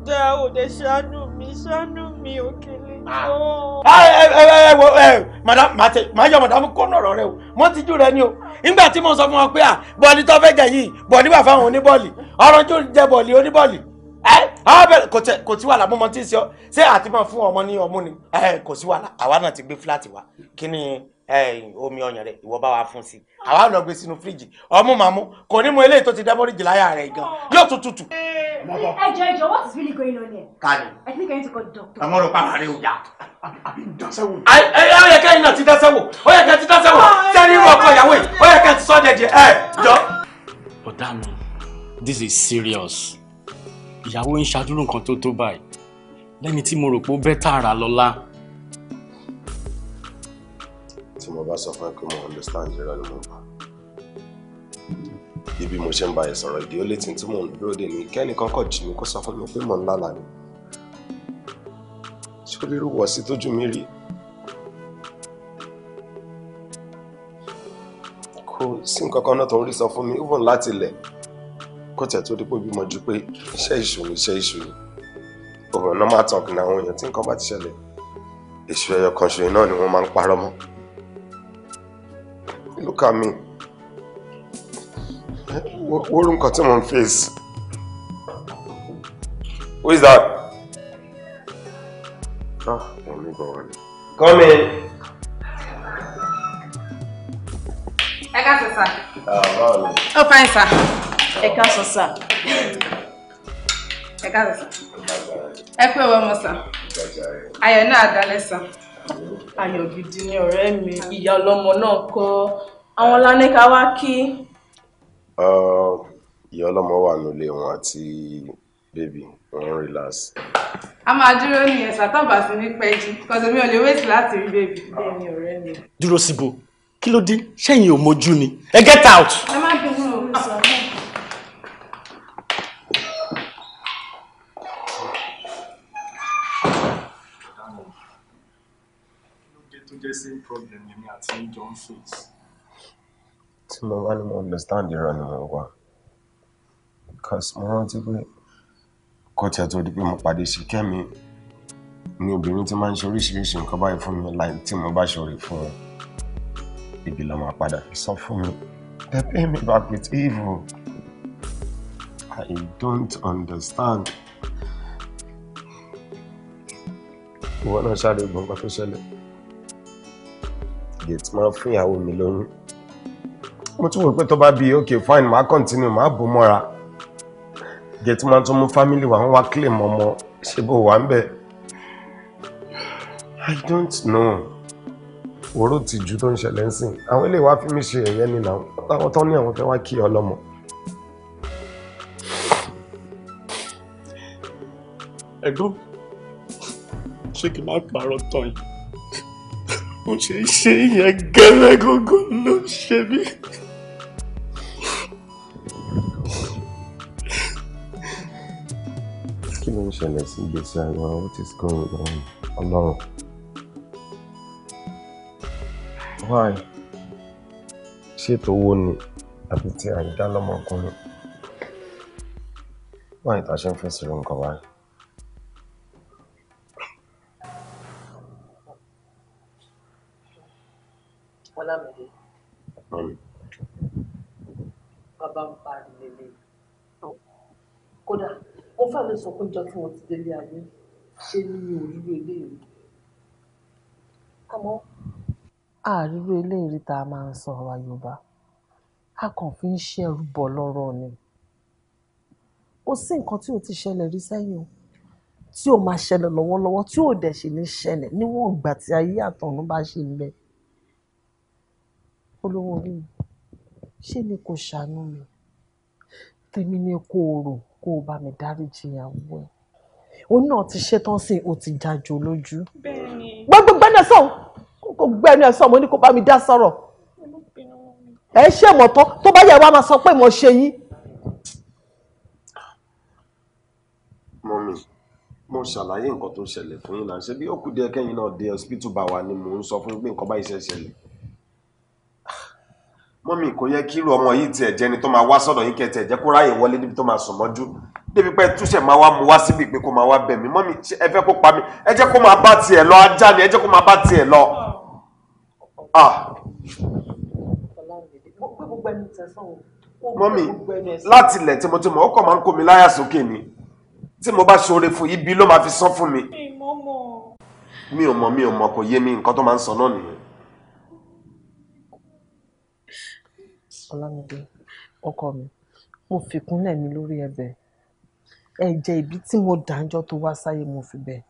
dá ò dé ṣàánú mi ṣàánú mi òkèlè jọ. Ah. Ah, ẹ ẹ ẹ wo ẹ madam màá tẹ màá madam kọ́nà ọ̀rọ̀ rẹ o mo ti jù rẹ ni o nígbà tí mo sọ fún wọn pé à ah, bọ́ọ̀lì tó fẹ́ jẹ yìí bọ́ọ̀lì wà fáwọn oníbọ́ọ̀lì ọ̀rọ̀jú jẹ bọ́ọ̀lì oníbọ́ọ̀lì ẹ ọbẹ kò tí wàhálà mo mọ tí ń ṣe ọ ṣé àti máa fún ọmọ ní ọmú ni ẹ kò sí wàhálà àwa náà ti gbé fúláàtì wa kí ni omi ọyàn rẹ ìwọ bá wa fún sí àwa lọ gbé sínú fíríjì ọmú màmú kò ní mú eléyìí tó ti dẹ́mọ́rìjì láyà rẹ̀ gan yóò tún tutù. ẹjọ ẹjọ what is really going on here. kani i think i need to call doctor. àwọn ọ̀rọ̀ pàmò àrẹ òjà. àbí dáṣẹ́wò. ẹ ọ yẹ kẹ́yìn náà ti dáṣẹ́wò ó yẹ kẹ́ ti dáṣẹ́wò sẹ́ni ah, irú ọkọ ìyàwó yìí ó yẹ kẹ́ ti sọ́ dẹ̀jẹ̀ ẹ jọ. ọ̀dà mi this is serious ìyàwó ń ṣàdúró nǹkan tó tó báyìí lẹ́ni tí mo rò pé ó bẹ́ tààrà lọ́lá tí mo bá sọ fún ẹ pé mo understand irọ́ ni mo bá ibi mo ṣe ń ba ẹ sọ̀rọ̀ ìdí ó létí tí mò ń dúró dè ní kẹ́nìkan kọ̀ jí mi kó sọ fún mi pé mò ń lálàá ni ṣé o rírú wọ̀ sí tójú mi rí kò sí nǹkan náà tó ń rí sọ fún mi even láti ilẹ̀ kó tẹ̀ tó dípò bímọ ju pé iṣẹ́ ìṣù ni iṣẹ́ ìṣù ni ọ̀rọ̀ náà máa tàn kìnnà àwọn èèyàn tí nǹkan bá ti ṣẹlẹ̀ èṣù ẹyọ kan ṣe náà ni wọ́n máa ń parọ́ mọ́ look at me wọ́n nǹkan cut him on face who is that? ah wọ́n mi bọ̀ come in. ẹ ká Oh fine sir. fẹ́ sá. ẹ ká sọ sá. ẹ ká sọ sá. ẹ pé wọ́n mọ̀ sá. ayọ̀ náà dalẹ̀ sá. ayọ̀ gidi ni ọ̀rẹ́ mi ìyá ọlọ́mọ náà kọ́ àwọn lánàá wá kí. ìyá ọlọ́mọ wà nílé wọn àti bébì wọn ń relax. a máa dúró ní ẹ̀sà tọ́ba sí ní pẹ́jì kọ́sọ̀ mi ò lè wéètì láti rí bébì. bẹ́ẹ̀ ni ọ̀rẹ́ mi. dúró síbo kí ló dé sẹ́yìn ò mojú ni ẹ get out. ẹ má bínú o sọ fún mi. tó jẹ́ same problem èmi àti john face tí mo bá understand your ni mo because mo rántí pé kó tiẹ̀ tó di pé mo pàdé Ṣìkẹ́mi ni obìnrin ti máa ń ṣe oríṣiríṣi nǹkan báyìí fún mi láì tí mo bá ṣòro fún wọn ibi ló máa padà sọ fún mi they pay me back with evil I don't understand. ìwọ náà ṣáà lè gbọ́n nǹkan ṣẹlẹ̀ gate máa fún ìyàwó mi lóyún mo tún wò pé tó bá bi ok fine màá continue màá bò mọ́ra jẹ́ tí máa tún mú family wa ń wá claim ọmọ ṣe bó wà ń bẹ̀ i don't know òró ti ju tó ń ṣẹlẹ̀ ń sìn àwọn eléyìí wá fi mí ṣe ẹ̀yẹ nínú àwọn tó ní àwọn fẹ́ wá kí ọlọ́mọ. ẹ̀gbọ́n ṣé kí n má parọ́ tán yìí mo ṣe ṣe ìyẹn gẹ́lẹ́ gógó ló ṣe mí. ló ń ṣẹlẹ̀ sí ìgbésí ayé wa what is going on ọlọ́run why ṣètò owó ni àbí tí a ń dá lọ́mọkùnrin why ta ṣe ń fèsì rí nǹkan báyìí. Ọlámídé. Bàbá ń parí lélẹ̀. Kódà mo fẹ́ lè sọ pé ìjọ tí wọ́n ti délé ayé ṣe ni mi ò ríru eléyìí àmọ́ àríru eléyìí tá a máa ń sọ àwa Yorùbá a kàn fi ń ṣẹ̀rù bọ̀ lọ́rọ̀ ni kò sí nǹkan tí ò ti ṣẹlẹ̀ rí sẹ́yìn o tí ò máa ṣẹlẹ̀ lọ́wọ́lọ́wọ́ tí ò dẹ̀ ṣe ní ṣẹlẹ̀ níwọ̀n ìgbà tí ayé àtọ̀run bá ṣe ń bẹ olówó orí mi ṣé ni kò ṣàánú mi tèmi ni kò rò kó o bá mi dáríjì ìyàwó ẹ̀ òun náà ti ṣetán sí o ti jàjò lójú. gbogbo gbẹ́nẹ̀ sọ̀hún kò gbẹ́nẹ̀ sọ̀hún mo ní kó bá mi dá sọ̀rọ̀ ẹ ṣe mọ̀tọ́ tó bá yẹ wá máa sọ pé mo ṣe yín. mọ́mí mo ṣàlàyé nǹkan tó ṣẹlẹ̀ fún yín náà ṣé bí ó kù díẹ̀ kẹ́yìn náà dé hospital bá wa ni mò ń sọ fún yín pé nǹkan báyìí ṣe ṣẹlẹ̀ mọ́mì kò yẹ kí irú ọmọ yìí tiẹ̀ jẹ́ni tó máa wá sọ́dọ̀ yín kẹtẹ̀ jẹ́ kó ráyè wọlé níbi tó máa sùn mọ́jú débi pé túṣẹ̀ máa wá mu wá síbi pé kó máa wá bẹ̀ mí mọ́mì ẹ fẹ́ kó pa mí ẹ jẹ́ kó máa bá tiẹ̀ lọ ajá ni ẹ jẹ́ kó máa bá tiẹ̀ lọ. mọ́mì láti ilẹ̀ tí mo ti mọ̀ ọkọ̀ máa ń kó mi láyà sókè ni tí mo bá ṣoore fún ibi ló máa fi sán fún mi. mi ò mọ̀ mi ò mọ̀ kò yé mi nǹkan tó máa ń sọ náà nìyẹn. ọlámídé ọkọ mi mo fìkúnlẹ̀ mi lórí ẹ̀bẹ̀ ẹ̀jẹ̀ ìbí tí mo dàńjọ́ tó wá sáyé mo fi bẹ̀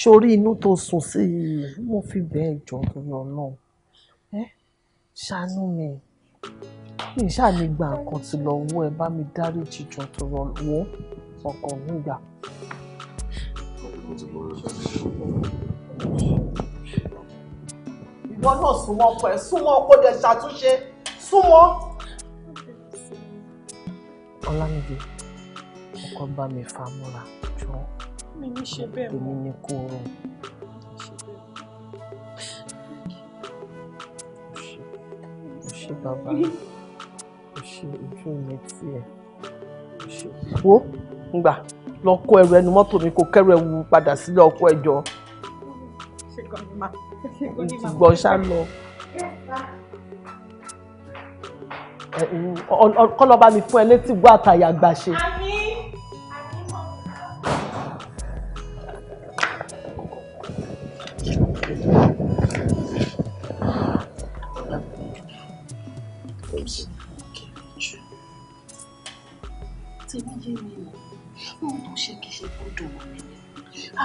sórí inú tó sùn sí i mo fi bẹ̀ ẹ̀jọ́ torí ọlọ́run ẹ ṣàánú mi mi ṣáà ní gba nǹkan tí lọ wọ ẹ bá mi dáríjì jọ torí ọwọ́ ọkọ mi gbà. ìwọ náà súnmọ́ ọkọ ẹ súnmọ́ ọkọ dẹ̀ ṣàtúnṣe súnmọ́. ọlámídé ọkọ bá mi fa mọ́ra jọ èmi ni kò rọ. ṣe bàbá kò ṣe ojú mi tiẹ̀ wo ngbà lọ kó ẹrù ẹnu mọ́tò mi kó kẹ́rù ẹ̀wù padà sílé ọkọ ẹjọ́ ìgbọ̀nsá lọ kọ́lọ́ba mi fún ẹ létí gbọ́ àtàyà gbà ṣe.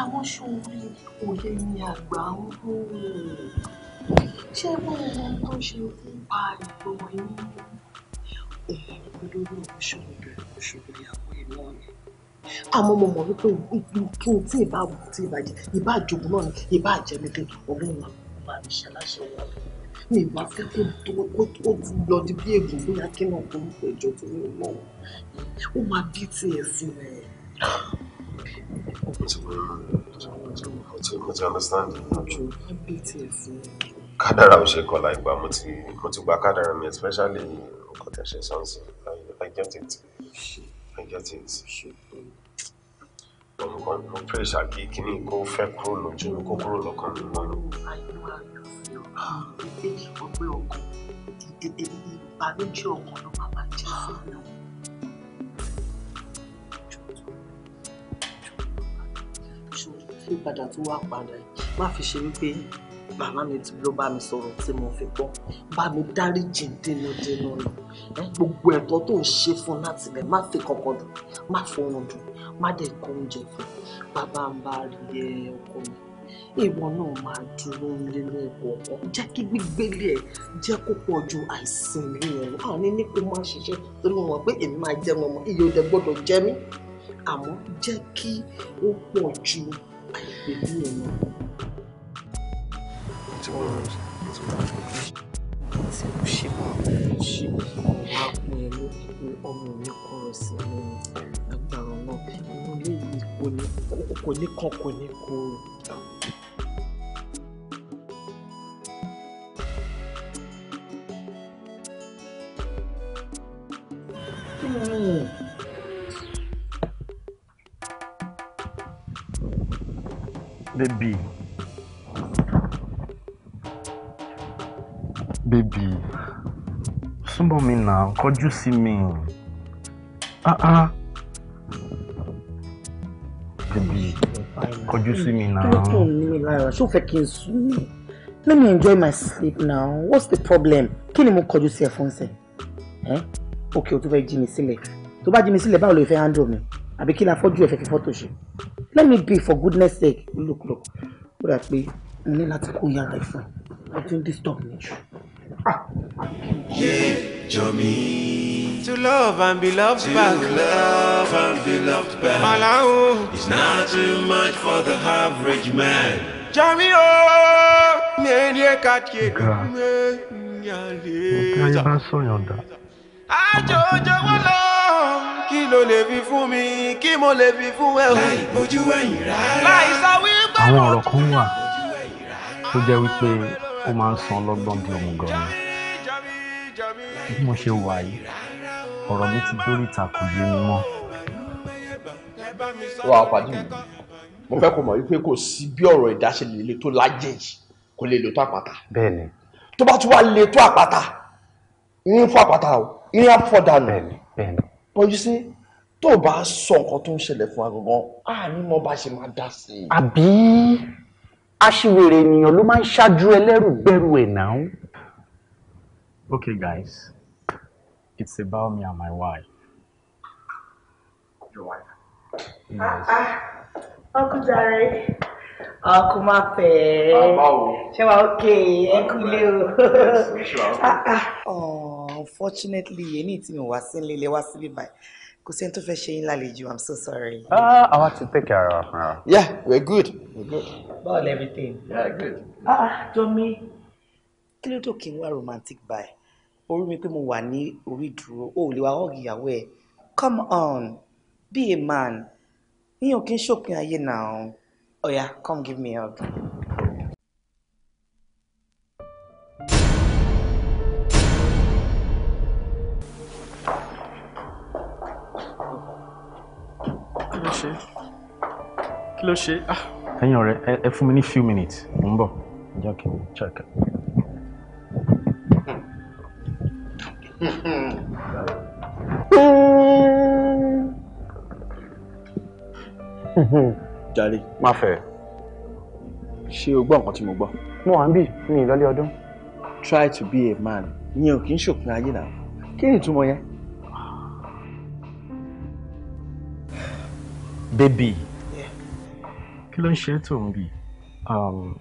àwọn ṣòwòrì òye ni àgbà ń bò ṣé wọn ohun tó ṣe fún pa ìgbòho yín èyí wípé lórí òṣù mi òṣù mi ìyàwó iná mi àmọ́ mo mọ̀ wípé kí n tí ìbá wù tí ìbá jẹ ìbá àjogún náà ni ìbá àjẹmídé ọlọ́run máa ń ṣe aláṣẹ wa mi ìbá fẹ́ kó tó kó tó lọ di bí ègbò bóyá kí náà kó lùpọ̀ ìjọ tó ní mọ̀ ó máa bí ti ẹ̀sìn rẹ̀. mo ti understand. kádàrà ò ṣe kọlà ìgbà mo ti gba kádàrà mi especially protection sounds. I, I get it. I get it. Mo kàn mo pray ṣàbí kíní kó fẹ́ kúrò lójú mi kó kúrò lọ́kàn mi mọ́ ni. Ṣé ìwọ pé padà tún Má fi ṣe wípé bàbá mi ti ló bá mi sọ̀rọ̀ tí mo fi gbọ́ bá mi dáríjì dénúdénú ni gbogbo ẹ̀tọ́ tó ń ṣe fún láti bẹ̀ má fi kọ̀kọ̀ dùn má fọrùn dùn má dẹ̀ kó oúnjẹ fún bàbá ń bá rí ẹ ọkọ mi ìwọ náà máa dúró nínú ẹ̀kọ́ ọkọ jẹ́ kí gbígbélé ẹ̀ jẹ́ kó pọ̀ ju àìsàn ilé ẹ̀ lọ àwọn ní kó má ṣiṣẹ́ torí mo mọ̀ pé èmi máa jẹ́ wọn mọ́ iye òde gbọ́dọ̀ jẹ́ mí àmọ́ jẹ́ kí ó pọ̀ ju àìpèlú ẹ̀ lọ tí mo tí mo rò. tí Baby. baby me now. Could you see me? ah ah baby could you see me now? ló tó ní mi lára ṣó fẹ́ let me enjoy my sleep now what's the problem Can you mo kọjú see a phone ṣe Eh? Okay, o tún fẹ́ jí mi sílẹ̀ tó bá jí mi sílẹ̀ báwo ló fẹ́ handle Me. àbí be killing for you. fẹ́ fi photo shoot. let me be for goodness sake look look ó dà pé mo ní láti kó yàrá ìfún ó disturb mi jù. jọmi. to love and be loved back. to love and be loved back. Malawu. is not too much for the average man. jọmi ooo mi ò ní ẹ̀ka tiẹ̀ dùn kí ló lè fi fún mi kí mo lè fi fún ẹ o. láì bójú ẹ̀yìn rárá. láì sọ wípé. àwọn ọ̀rọ̀ kan wà tó jẹ́ wípé ó máa ń san lọ́gbọ́n bí ọmọ gan ni bí mo ṣe wà yìí ọ̀rọ̀ mi ti dórí ìtàkùn yé mi mọ́. wà á pàdé mi mo fẹ́ kó mọ̀ wípé kò sí bí ọ̀rọ̀ ìdáṣe lè le tó lájẹ̀ yìí kò lè le tó àpáta. bẹ́ẹ̀ni. tó bá tún wá le tó àpáta irin fún àpáta o irin á fọ́ dànù. bẹ́ẹ̀ni bẹ́ẹ̀ni. bọ́jú sí tó o bá sọ nǹkan tó ń ṣẹlẹ̀ fún wa gangan ní mọ̀ bá ṣe máa dá sí i. àbí aṣiwèrè ènìyàn ló máa ń ṣáájú ẹlẹ́rù bẹ̀rù ẹ̀ Okay, guys, it's about me and my wife. Your wife? Yes. Ah, ah. Uncle Dare, ah, Uncle Mape. Ṣé wàá òkè ẹ̀kúlé o? Oh, unfortunately, èyí ni tí mi wá sílé lè wá sílé báyìí kò sẹ́ni tó fẹ́ ṣe yín lálejò I'm so sorry. Ah, I want to take care of her. Yeah, we're good. We're good báwo everything. yeah good. ah Tommy, kí ló tó kí n wá romantic báyìí orí mi pé mo wà ní orí ìdúró o ò lè wá ọ̀gì ìyàwó ẹ̀ come on be a man yíyan kí n ṣòpin ayé náà yeah, come give me a hug. kí ló ṣe kí ló ṣe ah ẹ̀yin ọ̀rẹ́ ẹ fún few minutes mo ń bọ̀ check. jàre má fẹ́ ṣé o gbọ́ nǹkan tí mo gbọ́. mo wà ń bì ní ìlọlé ọdún. try to be a man ni o kì í ṣòpin ayé náà kí ni ìtumọ̀ yẹn. baby kí ló ń ṣe é tó ń bì um,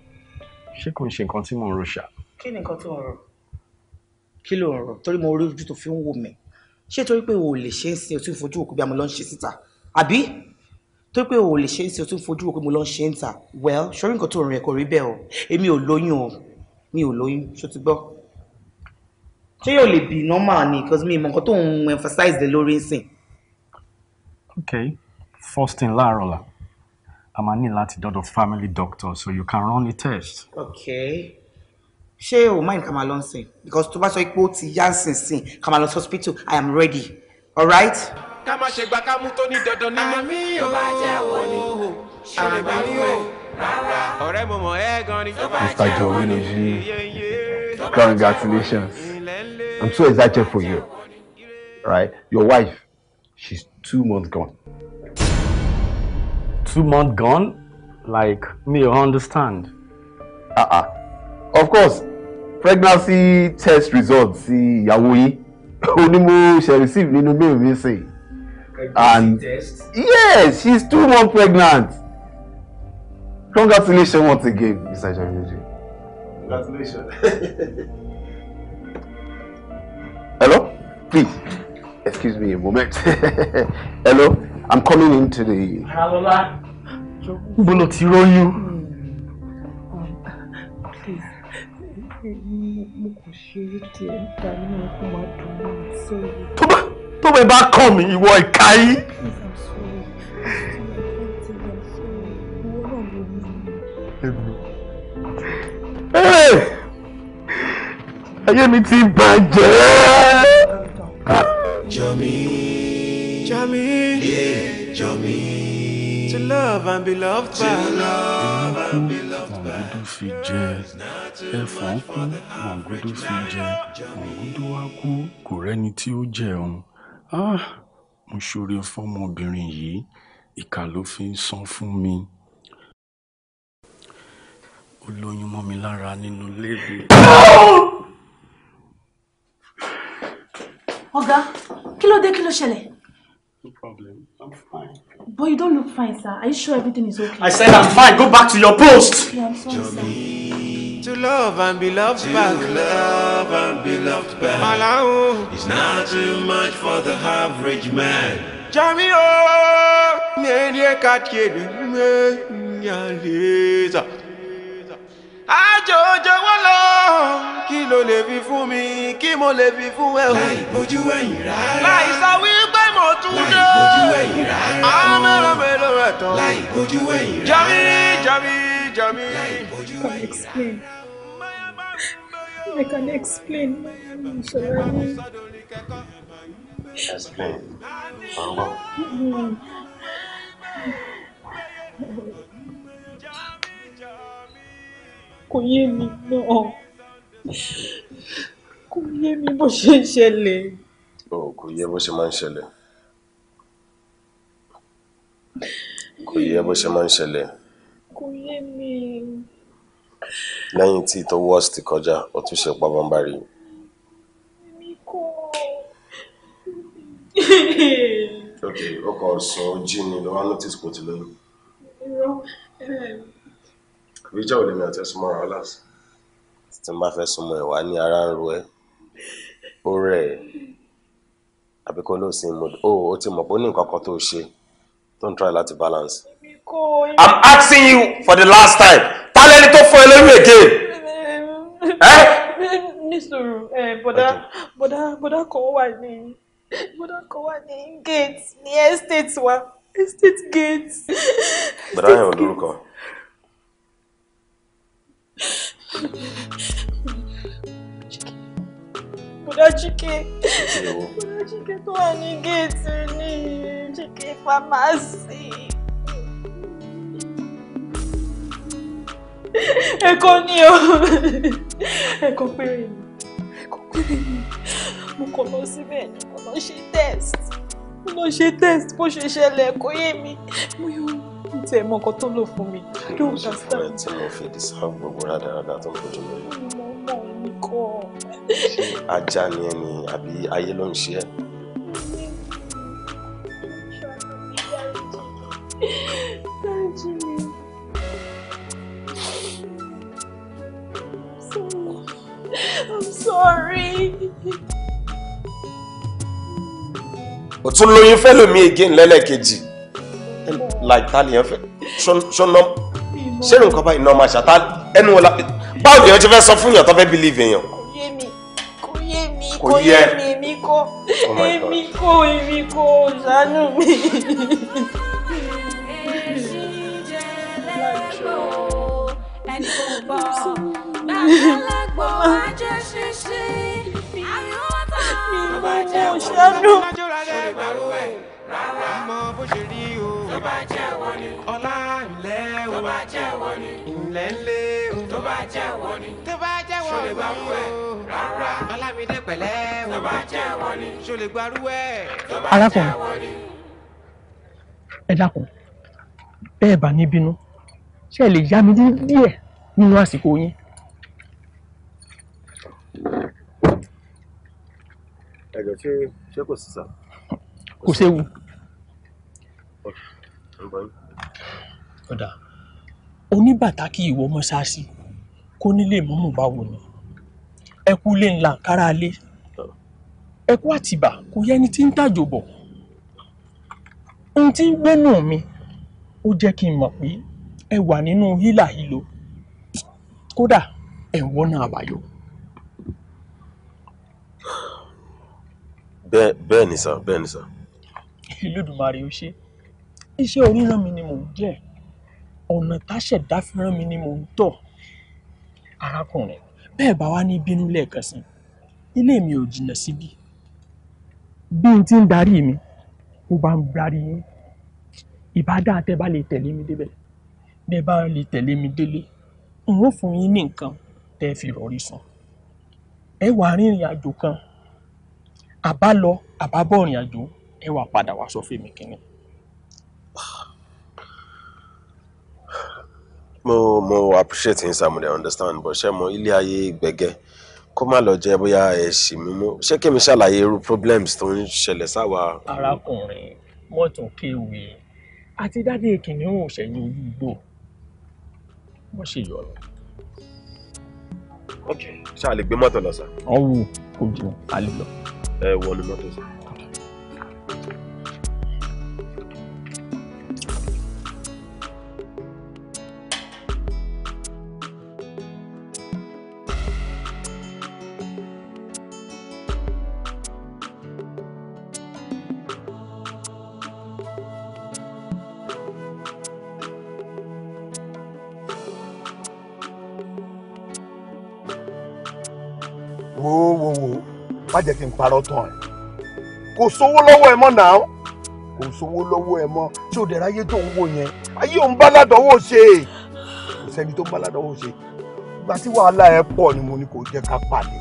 ṣé kò ń ṣe nǹkan tí mò ń rò ṣá. kí ni nǹkan tó ń rò kí ló ń rò torí mo rí ojú tó fi ń wò mí ṣé torí pé o ò lè ṣe é sin o tún fojú òkú bí a mo lọ ń ṣe síta àbí torí pé o ò lè ṣe é sin o tún fojú òkú mo lọ ń ṣe ń well ṣorí nǹkan tó rìn ẹ kò rí bẹ́ẹ̀ o èmi ò lóyún o mi ò lóyún ṣó ti gbọ́ ṣé yóò lè bì normal ni because mi mọ nǹkan tó ń emphasize lórí ń sìn. okay first thing láàárọ̀ la a máa ní láti dọ́dọ̀ family doctor so you can run the test. okay ṣé o mind ká máa lọ sìn because tó bá sọ pé ó ti yá sìn sìn ká máa lọ sí hospital i am ready alright. ká má ṣe gba ká mú tó ní dandan nínú. àmì ò bá jẹ́ wo ni ṣe lè bá rí o rárá. ọ̀rẹ́ mo mọ̀ ẹ́ gan ni. mr jowin oji congratulations i'm so excited for you right your wife she's two months gone two month gone like me you understand. Uh -uh. of course pregnancy test results ti ìyàwó yín òní mo ṣe receive nínú mail mi sìn. and test? yes she's two months pregnant congratulations once again mr jamiroji. congratulations. hello please excuse me a moment hello i'm coming into the. Hello, níbo ló ti róyún. mo kò ṣe é díẹ̀ nípa inú ọkọ̀ máa dùn mí sẹ́yìn. tó bẹ́ẹ̀ bá kàn mí ìwọ ìka yìí. ayé mi ti bàjẹ́. Jami. Jami. Yeah, Jami to love and be loved by. love. Mọ̀gúdú fi jẹ ẹ̀fọn kú, mọ̀gúdú fi jẹ, mọ̀gúdú wá kú, kò rẹ́ni tí ó jẹun. Ah, mo ṣoore fọmọbìnrin yìí, ìkà ló fi ń san fún mi. Ó lóyún mọ́ mi lára nínú ilé mi. Ọ̀gá, kí ló dé kí ló ṣẹlẹ̀? No problem, I'm fine. But you don't look fine, sir. Are you sure everything is okay? I said I'm fine. Go back to your post. Okay, I'm sorry, sir. To love and be loved to back. To love and be loved back. Malawu. It's not too much for the average man. Jami o, me ne katye dume nyaleza àjòjò wọ́n lọ kí ló lè fi fún mi kí mo lè fi fún ẹ o. láì bójú ẹ̀yìn rárá. láì sọ wípé mo tún dé. láì bójú ẹ̀yìn rárá. ọmọ rẹ̀ mélòó rẹ̀ tán. láì bójú ẹ̀yìn rárá. jami jami jami. I can explain. Explain. Mm-hmm kò yé mi náà kò yé mi bó ṣe ń ṣẹlẹ̀. o kò yé bó ṣe máa ń ṣẹlẹ̀ kò yé bó ṣe máa ń ṣẹlẹ̀. kò yé mi. lẹ́yìn tí ìtọ́ wọ́ọ̀sì kọjá ó tún ṣe pabambarì. èmi kò. ok ọkọ̀ ọ̀sán ojí ni lọ́wọ́ notice kò ti lóyún. irọ́ ẹ̀rọ ìjà ò lèmi àti ẹ súnmọ́ra wa láti. tí n bá fẹ́ súnmọ́ ẹ̀ wá ní ara ń ro ẹ́ ó rẹ̀ ẹ́ àbí kó ló sì ń ó ó ti mọ̀ pé ó ní nǹkan kan tó ṣe tó ń try láti balance. I'm asking you for the last time ta lẹni tó fún ẹ lórí èké. nísòrò bọ̀dá bọ̀dá bọ̀dá kan wà ní bọ̀dá kan wà ní gate ní estate wa estate gate. bọ̀dá yẹn ò lórúkọ. Bùdá Chike. Bùdá Chike tó wà ní géètì ní Chike pharmacy. Ẹ̀kọ́ ni o. Ẹ̀kọ́ péré ni. Ẹ̀kọ́ péré ni. Mo kàn lọ síbẹ̀ ni mo lọ ṣe test. Mo lọ ṣe test bó ṣe ṣẹlẹ̀ kó yé mi. Mo yọ̀ wọ́n n tiẹ̀ mọ nǹkan tó lò fún mi. I don't understand. Ṣé ìfọ̀rẹ́ tí mo fi deserve gbogbo rádaràda tó ń fojú mi? Mo mọ̀ ní kọ́. Ṣé ajá ni ẹ ní àbí ayé ló ń ṣe ẹ́? Ó tún lóyún fẹ́ lómi again lẹ́lẹ́kejì láì tá lèèyàn fẹ́ sọ́nà ṣẹ́nu nǹkan báyìí náà máa ṣàtà ẹnu wọn láti báwo lèèyàn ti fẹ́ sọ fún yàn tó fẹ́ bílíìfì èèyàn. kò yé mi kò yé mi oh èmi kọ́ èmi kọ́ ṣàánú mi. ẹni kò bọ̀ gbàgbọ́lágbọ́ ajẹ́ ṣíṣe àyọ̀tà ọ̀bàjẹ́ òṣèlú. ọmọ bó ṣe rí o tó bá jẹ́ wọ ni. ọlá ńlẹ́ o tó bá jẹ́ wọ ni. ńlẹ́ ńlẹ́ o tó bá jẹ́ wọ ni. tó bá jẹ́ wọ ni. ṣọlẹ̀ gbarú ẹ̀ rárá. ọlámídé pẹ̀lẹ́ o tó bá jẹ́ wọ ni. ṣọlẹ̀ gbarú ẹ̀ tó bá jẹ́ wọ ni. ẹ dákun bẹ́ẹ̀ bá ní bínú ṣé lè yá mi díẹ̀ nínú àsìkò yín. ẹ̀jọ̀ ṣé ṣé kò sí kò séwu ọ̀dà oníbàtà kí ìwọ mọ́ṣáàṣì kó nílé mọ́mù báwo ni ẹkú lé ńlá kára lé ẹkú àtìbà kò yẹ ẹni tí ń tàjò bọ̀ ohun tí ń gbénú mi ó jẹ́ kí n mọ̀ pé ẹ wà nínú hílàhílo kódà ẹ ń wọ́nà àbáyọ. bẹ́ẹ̀ ni sà bẹ́ẹ̀ ni sà. Olódùmarè ó ṣe é iṣẹ́ oríran mi ni mò ń jẹ́ ọ̀nà táṣẹ̀dá fi rán mi ni mò ń tọ̀ arákùnrin bẹ́ẹ̀ bá wá ní bínú lẹ́ẹ̀kan sí ilé mi ò jìnnà síbí bí n ti ń darí mi mo bá ń darí yín ìbádá tẹ bá lè tẹ̀lé mi débẹ̀ bẹ́ẹ̀ bá lè tẹ̀lé mi délé n ó fún yín ní nǹkan tẹ́ fi rọrí sùn ẹ wà rìnrìn àjò kan àbá lọ àbá bọ̀ rìn àjò ẹ wà padà wá sọ fún mi kínní. mo mo appreciate yín sir mo dey understand but ṣé mo ilé ayé gbẹ̀gẹ́ kó má lọ jẹ́ bóyá ẹ̀sìn mi mú ṣé kí mi ṣàlàyé irú problems tó ń ṣẹlẹ̀ sáwa. arákùnrin mọ́tún kéwì àti dádé kìnìún òṣèyìn olúgbò wọ́n ṣe yọ̀rọ̀. ok ṣá lè gbé mọ́tò lọ sir. ọ̀hún kò jù a lè lọ. ẹ wọnú mọ́tò sir. parọ́ tán ẹ̀ kò sówó lọ́wọ́ ẹ mọ́ náà kò sówó lọ́wọ́ ẹ mọ́ tí ò dẹ̀ráyé tó ń wò yẹn ayé òun bá ládọ́wọ́ ṣe kò sẹ́ni tó bá ládọ́wọ́ ṣe ìgbà tí wàhálà ẹ pọ̀ ni mo ní kò jẹ́ ká pàdé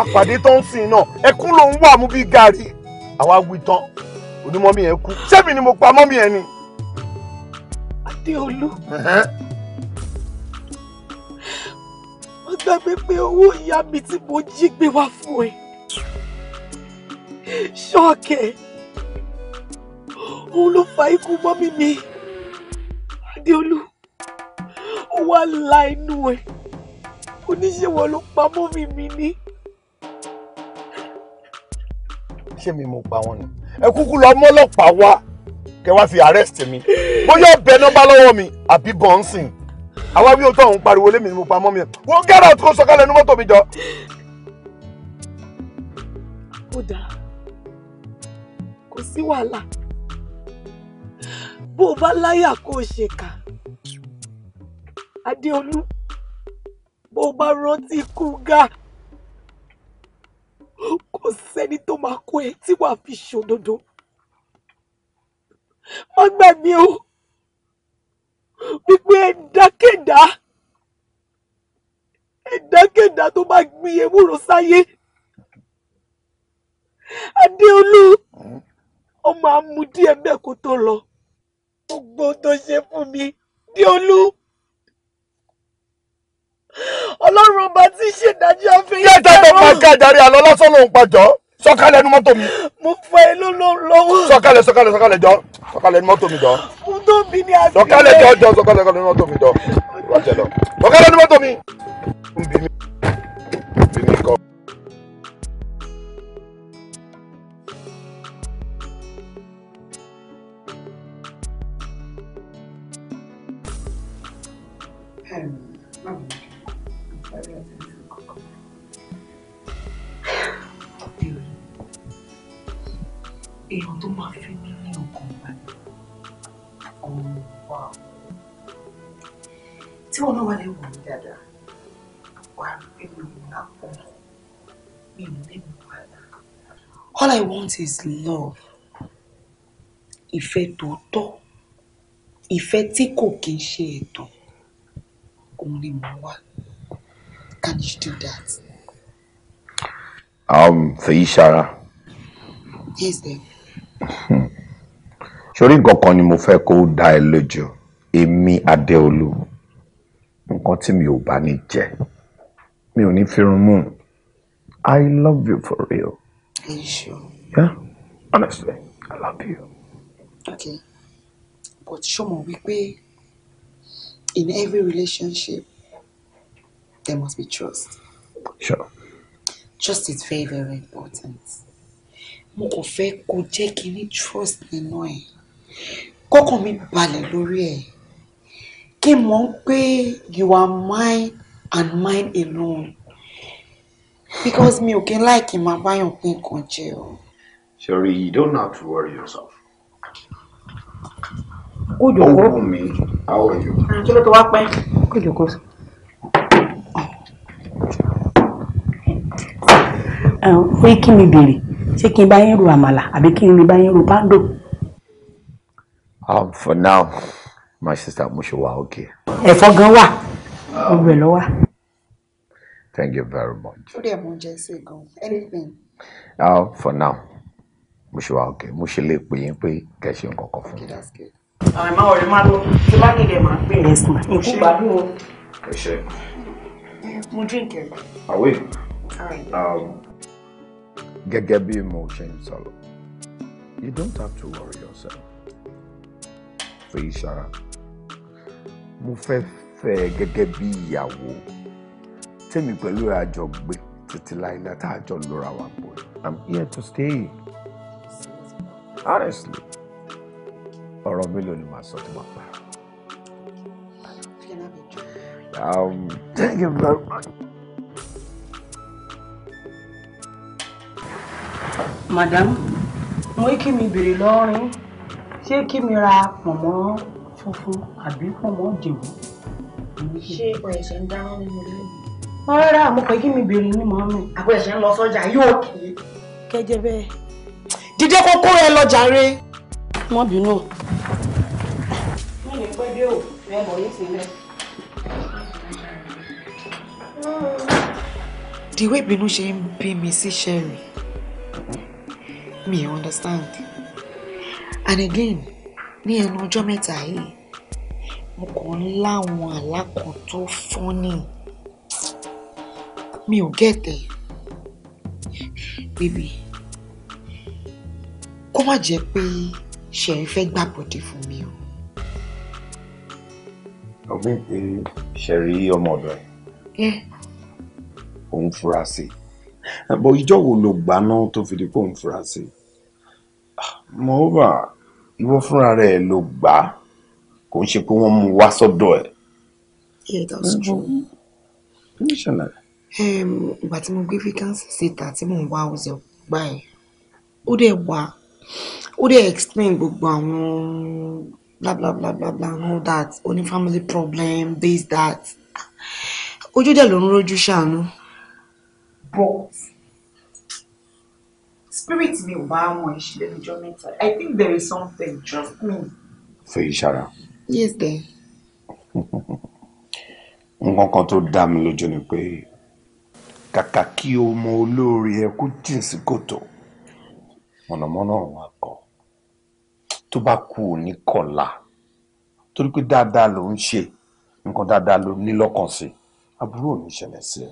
àpàdé tó ń sìn náà ẹkún ló ń wà mú bí gàrí àwa wí tán onímọ̀ mi kú sẹ́mi ni mo pa mọ́ mi ni. Adéolú mo gbàgbé pé owó ìyá mi tí mo jí gbé wá fún ẹ ṣọ́ọ̀kẹ́ òun ló fa ikú mọ́mí mi adéolú ó wá la inú ẹ̀ oníṣèwọ̀ ló pa mọ́mí mi ní. ṣé mi mo pa wọn ni ẹ kúkú lọ mọ́lọ́pàá wá kẹ́ wá fi arrest mi bóyá ọbẹ̀ nọ́mbà lọ́wọ́ mi àbí bọ́ǹsìn àwa wí òótọ́ òun pariwo lémi ni mo pa mọ́mí ẹ̀ wọ́n gẹ́rọ̀ tó sọ kálẹ̀ ní mọ́tò mi jọ. Oda. dáa kò sí wàhálà bó o bá láyà kó o ṣèkà adéolú bó o bá rántí ikú ga kò sẹ́ni tó máa kó ẹ tí wàá fi ṣòdodo má gbàgbé o wípé ẹ̀dákẹ́dá ẹ̀dákẹ́dá tó bá gbin ewúro sáyé adéolú. Hmm? ó máa mu díẹ̀ bẹ́ẹ̀ kó tó lọ gbogbo tó ṣe fún mi dí olú ọlọ́run ọba tí ṣèdájọ́ afẹ́yẹ́ kẹrọ. yíyá ìtẹ́tẹ́ máa ká ìdarí àlọ́ lásán lòun pàjọ́ sọ̀kalẹ̀ ẹnu mọ́tò mi. mo fọ ẹ lọ́wọ́. sọ̀kalẹ̀ sọ̀kalẹ̀ sọ̀kalẹ̀ jọ sọ̀kalẹ̀ ẹnu mọ́tò mi jọ. mo tó bí ní àgbẹ̀. sọ̀kalẹ̀ jọ jọ sọ̀kalẹ̀ ẹnu mọ́tò mi jọ. sọ̀kalẹ̀ ẹnu mọ́tò mi. èèyàn tó máa fi mí ní ọkàn gbàgbé ọmọ oh, tí wọn náà wà lè wò mí dáadáa wà á pè mí lápò mi ò lè mú padà. All I want is love ìfẹ́ tòótọ́ ìfẹ́ tí kò kí ń ṣe ẹ̀tàn òun ni mo wá Can you do that? Um, Feyishara. Yes, then sórí nǹkan kan ni mo fẹ́ kó dá ẹ lójú èmi adéolú nǹkan tí mi ò bá ní jẹ mi ò ní fi mú i love you for real. are you sure. yeah honestly i love you. okay but ṣọmọ wípé in every relationship there must be trust. sure. trust is very very important mo kàn fẹ́ kó jẹ́ kí ní trust nínú ẹ̀ kọ́kàn mi balẹ̀ lórí ẹ̀ kí n mọ̀ pé you are mine and mine alone because mi ò kí láìkí máa báyàn pín nǹkan jẹ o. Sherry, you don't have to worry yourself. Kó jòkó. Ó how are you? Kí ló tó wá pẹ́? Kó jòkó. Pé kí ni béèrè? ṣé kí n bá yín ro àmàlà àbí kí n bá yín ro pando. Um, for now my sister mo wa okay. ẹ̀fọ́ gan wà ọbẹ̀ lọ wà. thank you very much. ó dẹ̀ mú jẹ́ sí gan anything. Uh, for now mo wa okay mo ṣe lè pè yín pé kẹ̀sì nǹkan kan fún mi. àwọn ẹ̀ma ọ̀rẹ́ máa lọ tí bá nílẹ̀ máa pè é. ikú gbádùn o. ẹ ṣe. mo drink ẹ. àwẹ̀. all Um, gẹ́gẹ́ bí mo ṣe ń sọ̀rọ̀ you don't have to worry yourself Fẹ́yìṣara mo fẹ́ fẹ́ gẹ́gẹ́ bí ìyàwó tèmi pẹ̀lú àjọ gbé títí láìláì tá a jọ lóra wa pọ̀ I'm here to stay honestly ọ̀rọ̀ mélòó ni màá sọ tí màá pa. Um, thank you very much. madam mo kí mi bèrè lọ́rin ṣé kí mi ra pọ̀nmọ́ funfun àbí pọ̀nmọ́ òjèwọ́. ṣé ọ̀ẹ̀ṣẹ̀ ń dáná nínú ilé mi. rárá mo kàn kí mi bèrè ní mọ́mí. àpò ẹ̀ṣẹ̀ ń lọ sọ́jà yóò kì í. kẹjẹ bẹ́ẹ̀ dídé kókó rẹ lọ jàre. má bínú. mi ní pẹ́ dé o ẹ bọ̀ yín sílẹ̀. the way bínú ṣe ń bí mi sí sherry me understand and again ní ẹnu ọjọ́ mẹ́ta yìí mo kàn ń láwọn àlá kan tó fọ́nì mi ò gẹ̀tẹ̀ bíbí kó má jẹ́ pé ṣẹ̀rí fẹ́ gbàbọ̀dé fún mi o. ọ̀gbìn pé ṣẹ̀rí ọmọ ọ̀dọ̀ ẹ̀ òun fura sí i. Eh, bọ ìjọ wo ló gbà náà tó fi di pò ń fura sí ah, moreover ìwọ fúnra rẹ ló gbà kò ń ṣe pé wọ́n mú wá sọ́dọ̀ ẹ. yeah that's mm-hmm. true. kí ṣẹlẹ̀. ìgbà tí mo gbé vacancy síta tí mò ń wá ọ̀sẹ̀ gbà ẹ̀ ó dẹ̀ wá ó dẹ̀ explain gbogbo àwọn bla bla bla bla bla and that oní family problem this that ah, ojú dẹ̀ ló ń rojú ṣàánú but spirit mi ò bá wọn ìṣẹ̀lẹ̀ níjọ́ mẹ́ta i think there is something trust me. Fèyíṣára. yes dear. nǹkan kan tó dá mi lójú ni pé kàkà kí o mọ olóore ẹ kó jìn sí kòtò mọ̀nàmọ́ná wa kọ̀ tó bá kú ò ní kọ̀la torí pé dáadáa ló ń ṣe nǹkan dáadáa ló ní lọ́kàn sí aburú ò ní ṣẹlẹ̀ sí ẹ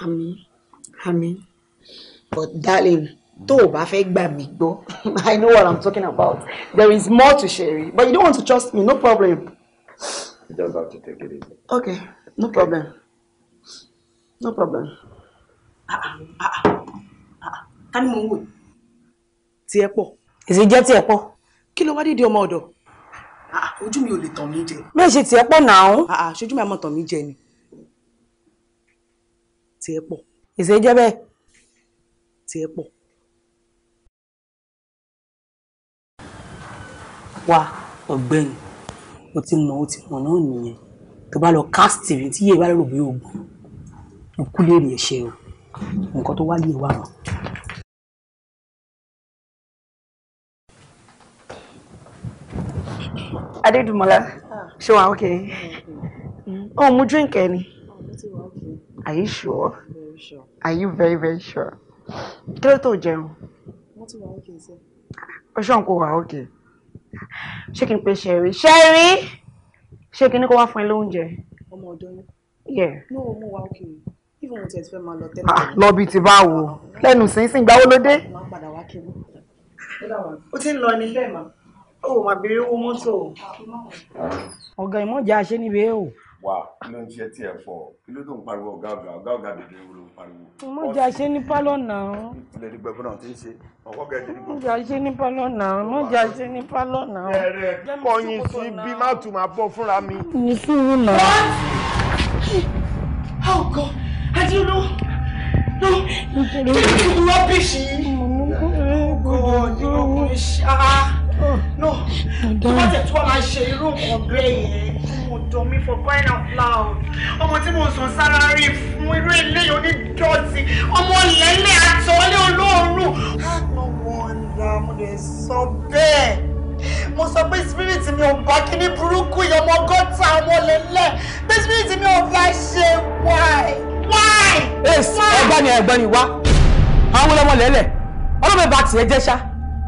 àmín àmín but darling tó o bá fẹ́ gbà mí gbọ́ I know what I'm talking about there is more to share, but you don't want to trust me no problem. you just have to take it easy. okay no okay. problem no problem. ká ah, ah, ah, ní mo ń wò tí ẹ pọ̀ èsì jẹ́ tí ẹ pọ̀ kí ló wá dídí ọmọ ọ̀dọ̀. ojú mi ò lè tàn mí jẹ. mẹ́ẹ̀ ṣe tí ẹ pọ̀ náà. ṣojú mi àmọ́ tàn mí jẹ ni tiẹ̀ pọ̀ èsè jẹ́ bẹ́ẹ̀ tiẹ̀ pọ̀. wá ọ̀gbẹ́ni o ti mọ̀ o ti mọ̀ náà nìyẹn tó bá lọ cast tv tí yéé bá lọ bí oògùn ikú lè rí ẹ̀ṣẹ̀ o nǹkan tó wá yé wa mọ̀. Adédùmọ́lá ah. ṣé wàá okay. Ó mm, mú mm. oh, drink ẹ ni. Oh, Are you sure? Very sure. Are you very very sure? Kí ló tó jẹun? Wọ́n ti wà ókè sẹ́. Oṣù kò wà ókè. Ṣé kí n pe Ṣẹ̀rí? Ṣẹ̀rí! Ṣé kí ni kó wá fún ẹ lóúnjẹ? Ọmọ ọ̀dọ́ ni. Yeah. Ní owó mo wà ókè yìí. Even mo tẹ̀sí fẹ́ máa lọ tẹ́lẹ̀. Ah, lọ bíi ti bá wo. Lẹ́nu sínsìn gbáwó ló dé. Máa padà wá kiri. Ó ti ń lọ ní. Bẹ́ẹ̀ ma. Ó máa bèrè owó mọ́tò. Ọ̀gá ìmọ̀jà ṣe níbi èèwọ̀ wà kí ló ń ṣe tí ẹ pọ̀ kí ló tó ń pariwo ọ̀gá ọ̀gá ọ̀gá ọ̀gá dèdè ń lo pariwo. mo jà ṣe ní pálọ̀ náà. ilé ní gbẹ̀gbọ́n náà ti ń ṣe ọ̀kọ́ gẹ̀ẹ́dì nígbà. mo jà ṣe ní pálọ̀ náà mo jà ṣe ní pálọ̀ náà. ẹ̀rẹ̀ kọyìn sí bí má tù má bọ́ fúnra mi. ní sùúrù náà. What? Oh God, I don't know. No, this is rubbish. Oh God, you know, ah, ah. no. Tó bá tẹ̀ tó wà máa ṣe irú nǹkan yẹn jọ mí for crying out loud ọmọ tí mo sọ sárárì fún irú eléyìí onídọ̀tí ọmọ lẹ́lẹ̀ àtọ́lé olóòórùn. no wonder mo lè sọ bẹ́ẹ̀ mo sọ pé spirit mi ò bá kíní burúkú yìí ọmọ gọ́tà ọmọ lẹ́lẹ̀ pé spirit mi ò bá ṣe why why. ẹ̀gbọ́n ni ẹ̀gbọ́n ni wá àwọn ọmọ lẹ́lẹ̀ ọlọ́mọba tiẹ̀ jẹ́ ṣá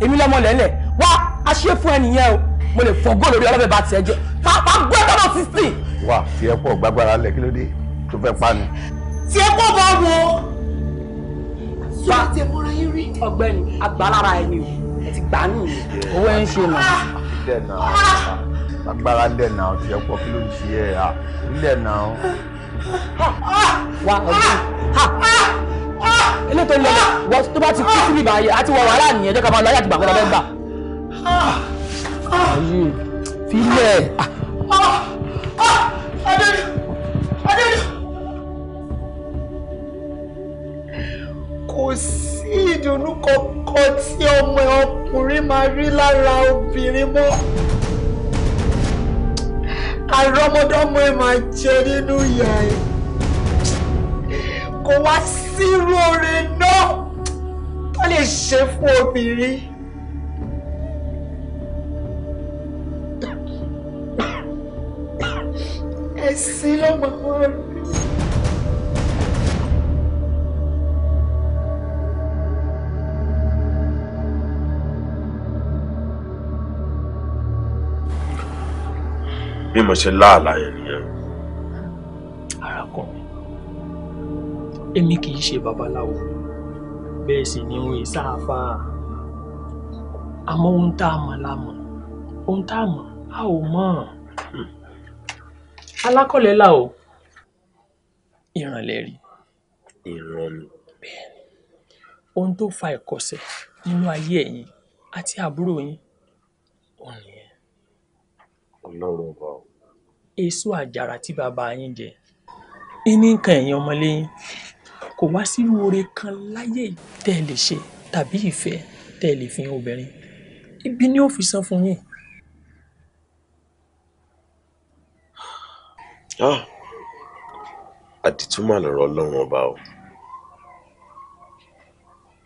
èmi lọ́mọ lẹ́lẹ̀ wá a ṣe fún ẹ nìyẹn o mo lè fọ góòlù orí ọlọ́bẹ̀ bá tiẹ̀ jẹ pápá gbọ́dọ̀ náà sísìn. wà tí ẹ pọ̀ gbàgbára lẹ̀ kí ló dé tó fẹ́ pa ni. tí ẹ pọ̀ bá wo. sọ́ọ́ tí ẹ mọ́ra yín rí ọ̀gbẹ́ni agbálára ẹni o ẹ ti gbà nù. owó ẹ ń ṣe nà. Ah. agbára lẹ̀ nà tí ẹ pọ̀ kí ló ń ṣe ẹ̀ à ah, nílẹ̀ nà. wà ọ̀gbìn eléyìí tó ń lọ wọ́n tó bá ti kú síbi ìbàyẹ̀ àti wọ̀ wàhálà nìyẹn jẹ́ ká máa lọ ayé àti gbàgbọ́dọ̀ bẹ́ẹ̀ gbà. Ah ayé filẹ̀. kò sí ìdùnnú kankan tí ọmọ ọkùnrin máa rí lára obìnrin mọ́ àrọ́mọdọ́mọ ẹ máa jẹ nínú ìyá ẹ kò wá sírú oore náà tó lè ṣe fún obìnrin. sin lo wọn. bí mo ṣe láàlá yẹn nìyẹn. ara mi èmi kì í ṣe babaláwo bẹ́ẹ̀ sì ni òun ìsáàfà àmọ́ ohun tá a mọ̀ la mọ̀ ohun tá a mọ̀ a ò mọ̀ alákọ̀lẹ́ là o ìrànlẹ̀ rí. ìrànlẹ̀. bẹ́ẹ̀ni ohun tó fa ìkọsẹ̀ nínú ayé ẹ̀yin àti àbúrò yín òun nìyẹn. ọlọ́run ọba o. èso àjàrà tí bàbá yín jẹ ní nǹkan ẹ̀yin ọmọlẹ́yìn kò wá sí oore kan láyé tẹ́ ẹ lè ṣe tàbí ìfẹ́ tẹ́ ẹ lè fi hàn obìnrin ibi ni ó fi san fún yín. Ah, àdììtú mà lọ̀rọ̀ ọlọ́run ọba o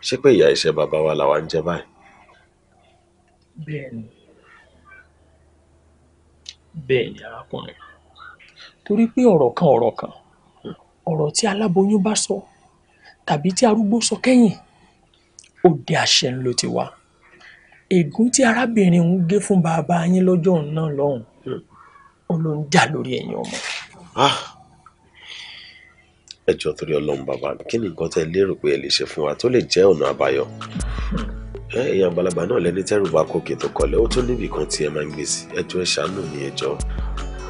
ṣé pé ìyà ẹ̀ṣẹ̀ bàbá wa làwa ń jẹ báyìí. bẹ́ẹ̀ni bẹ́ẹ̀ni arákùnrin torí pé ọ̀rọ̀ kan ọ̀rọ̀ kan ọ̀rọ̀ tí aláboyún bá sọ tàbí tí arúgbó sọ kẹ́yìn òde àṣẹ ńlọ ti ègún tí arábìnrin ń gé fún bàbá yín lọ́jọ́ náà lọ́hùnún ló ń dà lórí ẹ̀yìn ọmọ. Ah! ẹ jọ torí Ọlọ́run bàbá kí ni nǹkan tẹ́ lérò pé ẹ lè ṣe fún wa tó lè jẹ́ ọ̀nà àbáyọ. èèyàn àgbàlagbà náà lẹni tẹ́rù bá kókè tó kọlẹ ó tó níbi kan tí ẹ máa ń gbé sí ẹjọ ẹ ṣàánú ní ẹjọ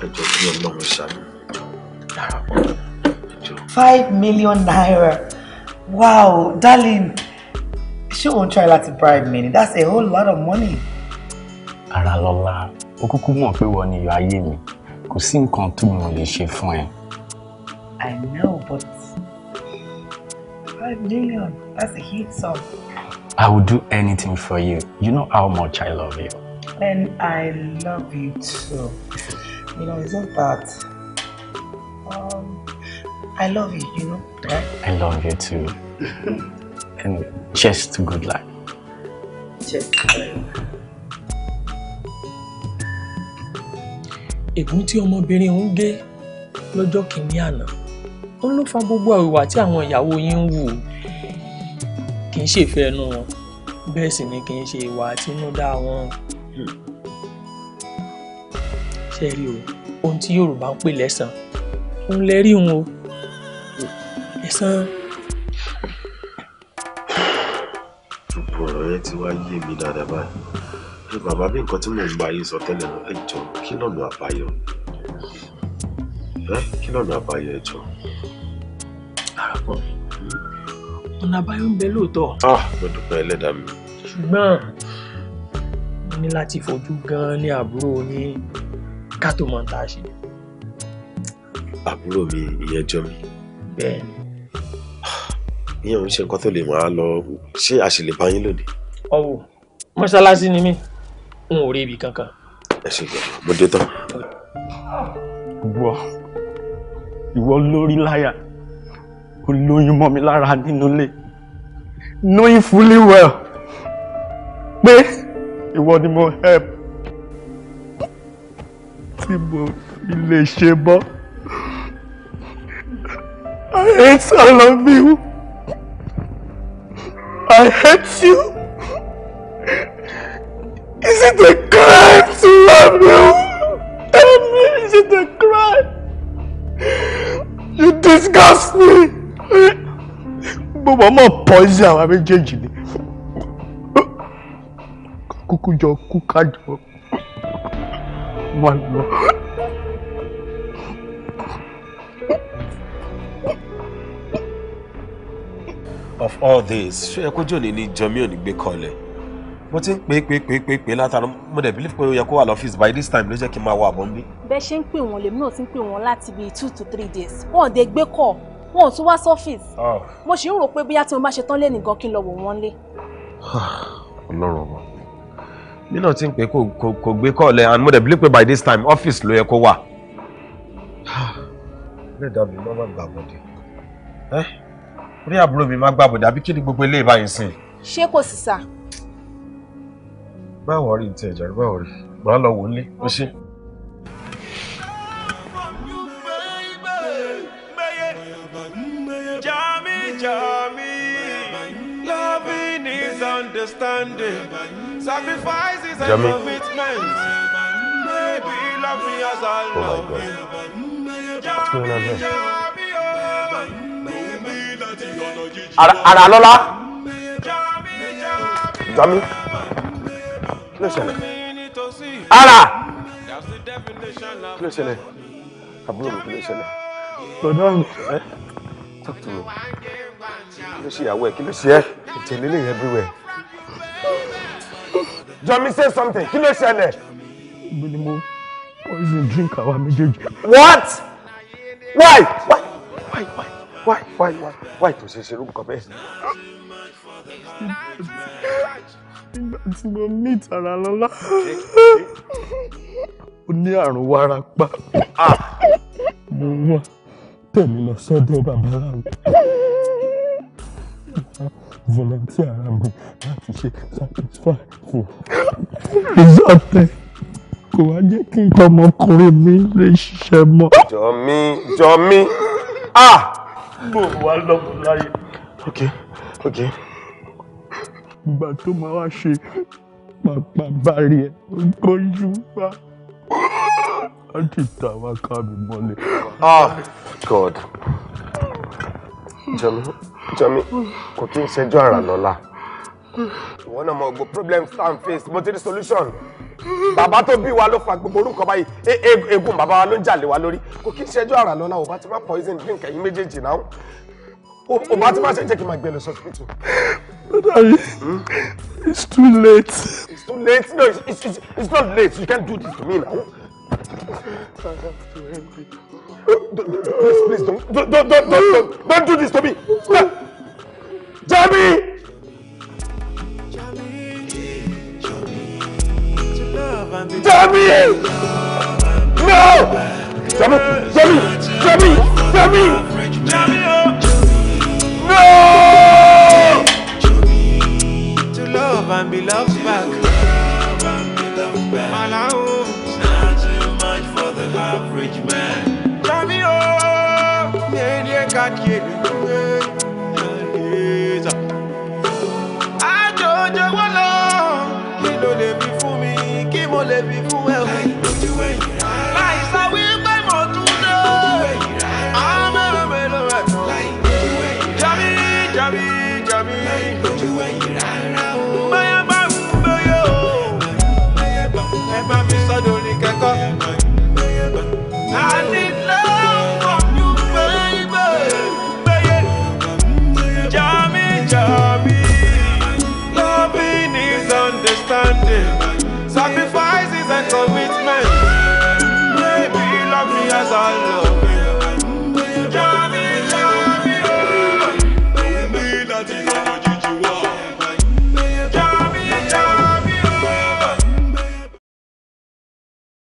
ẹjọ tí Ọlọ́run ṣàánú. five million naira wow darling ṣé òun try láti bribe me ni that's a whole lot of money. Aralola ó kúkú mọ̀ pé wọ́n ni ìyọ̀ ayé mi kò sí nǹkan tó mo lè ṣe fún ẹ. I know but five million that's a huge sum. I will do anything for you. You know how much I love you. And I love you too. You know, it's not that. Um, I love you, you know. Right? I love you too. and just good luck. Cheers ègún tí ọmọbìnrin ń gé lọ́jọ́ kìíní àná ó ló fa gbogbo àwìwà tí àwọn ìyàwó yín ń wù kì í ṣèfẹ́ ẹnu wọn bẹ́ẹ̀ sì ni kì í ṣe ìwà àtinúdá wọn ṣe rí o ohun tí Yorùbá ń pè lẹ́san òun lẹ rí wọn o ẹ̀san. gbogbo ọ̀rọ̀ yẹn ti wá yé mi dáadáa báyìí ètò bàbá bí nǹkan tí mò ń bá yín sọ tẹ́lẹ̀ lọ ẹ jọ kí lọ́nà àbáyọ ẹ kí lọ́nà àbáyọ ẹ jọ. darapọ̀ ọ̀nà àbáyọ ń bẹ lóòótọ́. ah mo dúpẹ́ ẹlẹ́dàá mi. ṣùgbọ́n mo ní láti fojú gan-an ní àbúrò yín ká tó mọ̀ tá a ṣe. àbúrò mi ìyẹn jọ mi. bẹ́ẹ̀ni. ìyẹn ò ń ṣe nǹkan tó lè máa lọ ṣé a sì lè bá yín lónìí. ọwọ́ mọ́ṣáláṣí ni mí n ò rí ibi kankan. ẹ ṣe gbọ́dọ̀ mo dé tán. ìwọ ìwọ lórí láyà ó lóyún mọ́ mi lára nínú ilé knowing fully well pé ìwọ ni mo help tí mo ilé ṣe bọ́. I hate all of you. I hate you. Is it a crime to love you? Tell me, is it a crime? You disgust me. Gbogbo ọmọ pọ́ńsì àwọn méjèèjì ni. Kúkú jọ kú kájọ. Má lọ. Of all this, ṣé ẹ kójú òní ní ni ò ní gbé kọlẹ̀? mo ti ń pè é pè é pè é pè pè látara mo dẹ̀ believe pé ó yẹ kó wà lọ́fíìsì by this time ló jẹ́ kí n máa wọ àbọ̀ ń bí. bẹ́ẹ̀ ṣe ń pè wọ́n lèmi náà ti ń pè wọ́n láti bíi two to three days wọn ò dé gbé kọ̀ wọn ò tún wá sọ́fíìsì ah. mo sì ń rò pé bóyá tí mo bá ṣe tán lẹ́nìí gan kí n lọ wò wọ́n lé. Ah, ọlọ́run ọmọ mi náà ti ń pè é kò gbé kọ̀ lẹ́ and mo dẹ̀ believe pé by this time ọ́fíìsì ló yẹ kó wà. Ah, ilé ìdàbí má má gbàbọ̀dé eh? orí àbúrò mi má gbàbọ̀dé àbí kí ni gbogbo eléyìí báyìí sìn. ṣé kò sì sà báwo rí ti ẹ̀jẹ̀ rí rí gbà lọ wò ó ó ṣe. understanding. Sacrifices and commitment. oh love you. What's going on here? Oh. Ara Lọ́lá. Jami. Oh kí ló ṣẹlẹ̀ ara kí àbúrò mi kí lọ́dọ̀ ẹ eh? talk to me kí ìyàwó ẹ kí ìtẹ̀lélẹ̀ yẹn everywhere. Jọmi say something kí ló ni mo poison drink àwa méjèèjì. What? Why? Why? Why? Why? Why? Why? Why? Why? Tó ṣe ṣerú nǹkan bẹ́ẹ̀ nígbà tí mo mí ìtara lọ́lá ó ní àrùn wárápá ah! mo wá tẹ̀mí lọ sọ́dọ̀ bàbá rẹ̀ volunteer ara mi láti ṣe satisfy fún result ẹ kò wá jẹ́ kí n ọmọkùnrin mi lè ṣiṣẹ́ mọ́. jọmí jọmí ah bò wá lọ́mọ láyé. ok ok ìgbà tó máa wá ṣe pàpà bàrí ẹ kó ṣùgbà láti ta wá káàbì mọ́lẹ̀. ah god jami jami kò kí n ṣẹjú ara lọ́la ìwọ náà mọ̀ gbọ́ problem stand face mo ti rí solution bàbá tó bí wa ló fa gbogbo orúkọ báyìí eegun e, bàbá wa ló ń jà lé wa lórí kò kí n ṣẹjú ara lọ́la ò bá ti má poison drink ẹ̀yin méjèèjì náà ò bá ti má ṣe jẹ́ kí n máa gbé lọ sọ́sìpítù Daddy, hmm? it's too late. It's too late? No, it's, it's, it's, not late. You can't do this to me now. Please, please Don't, don't, don't, don't, don't, don't, don't, do this to me. Stop. Jami! Jami! No! Jami! Jami! Jami! Jami! Jami! and be loved back. I need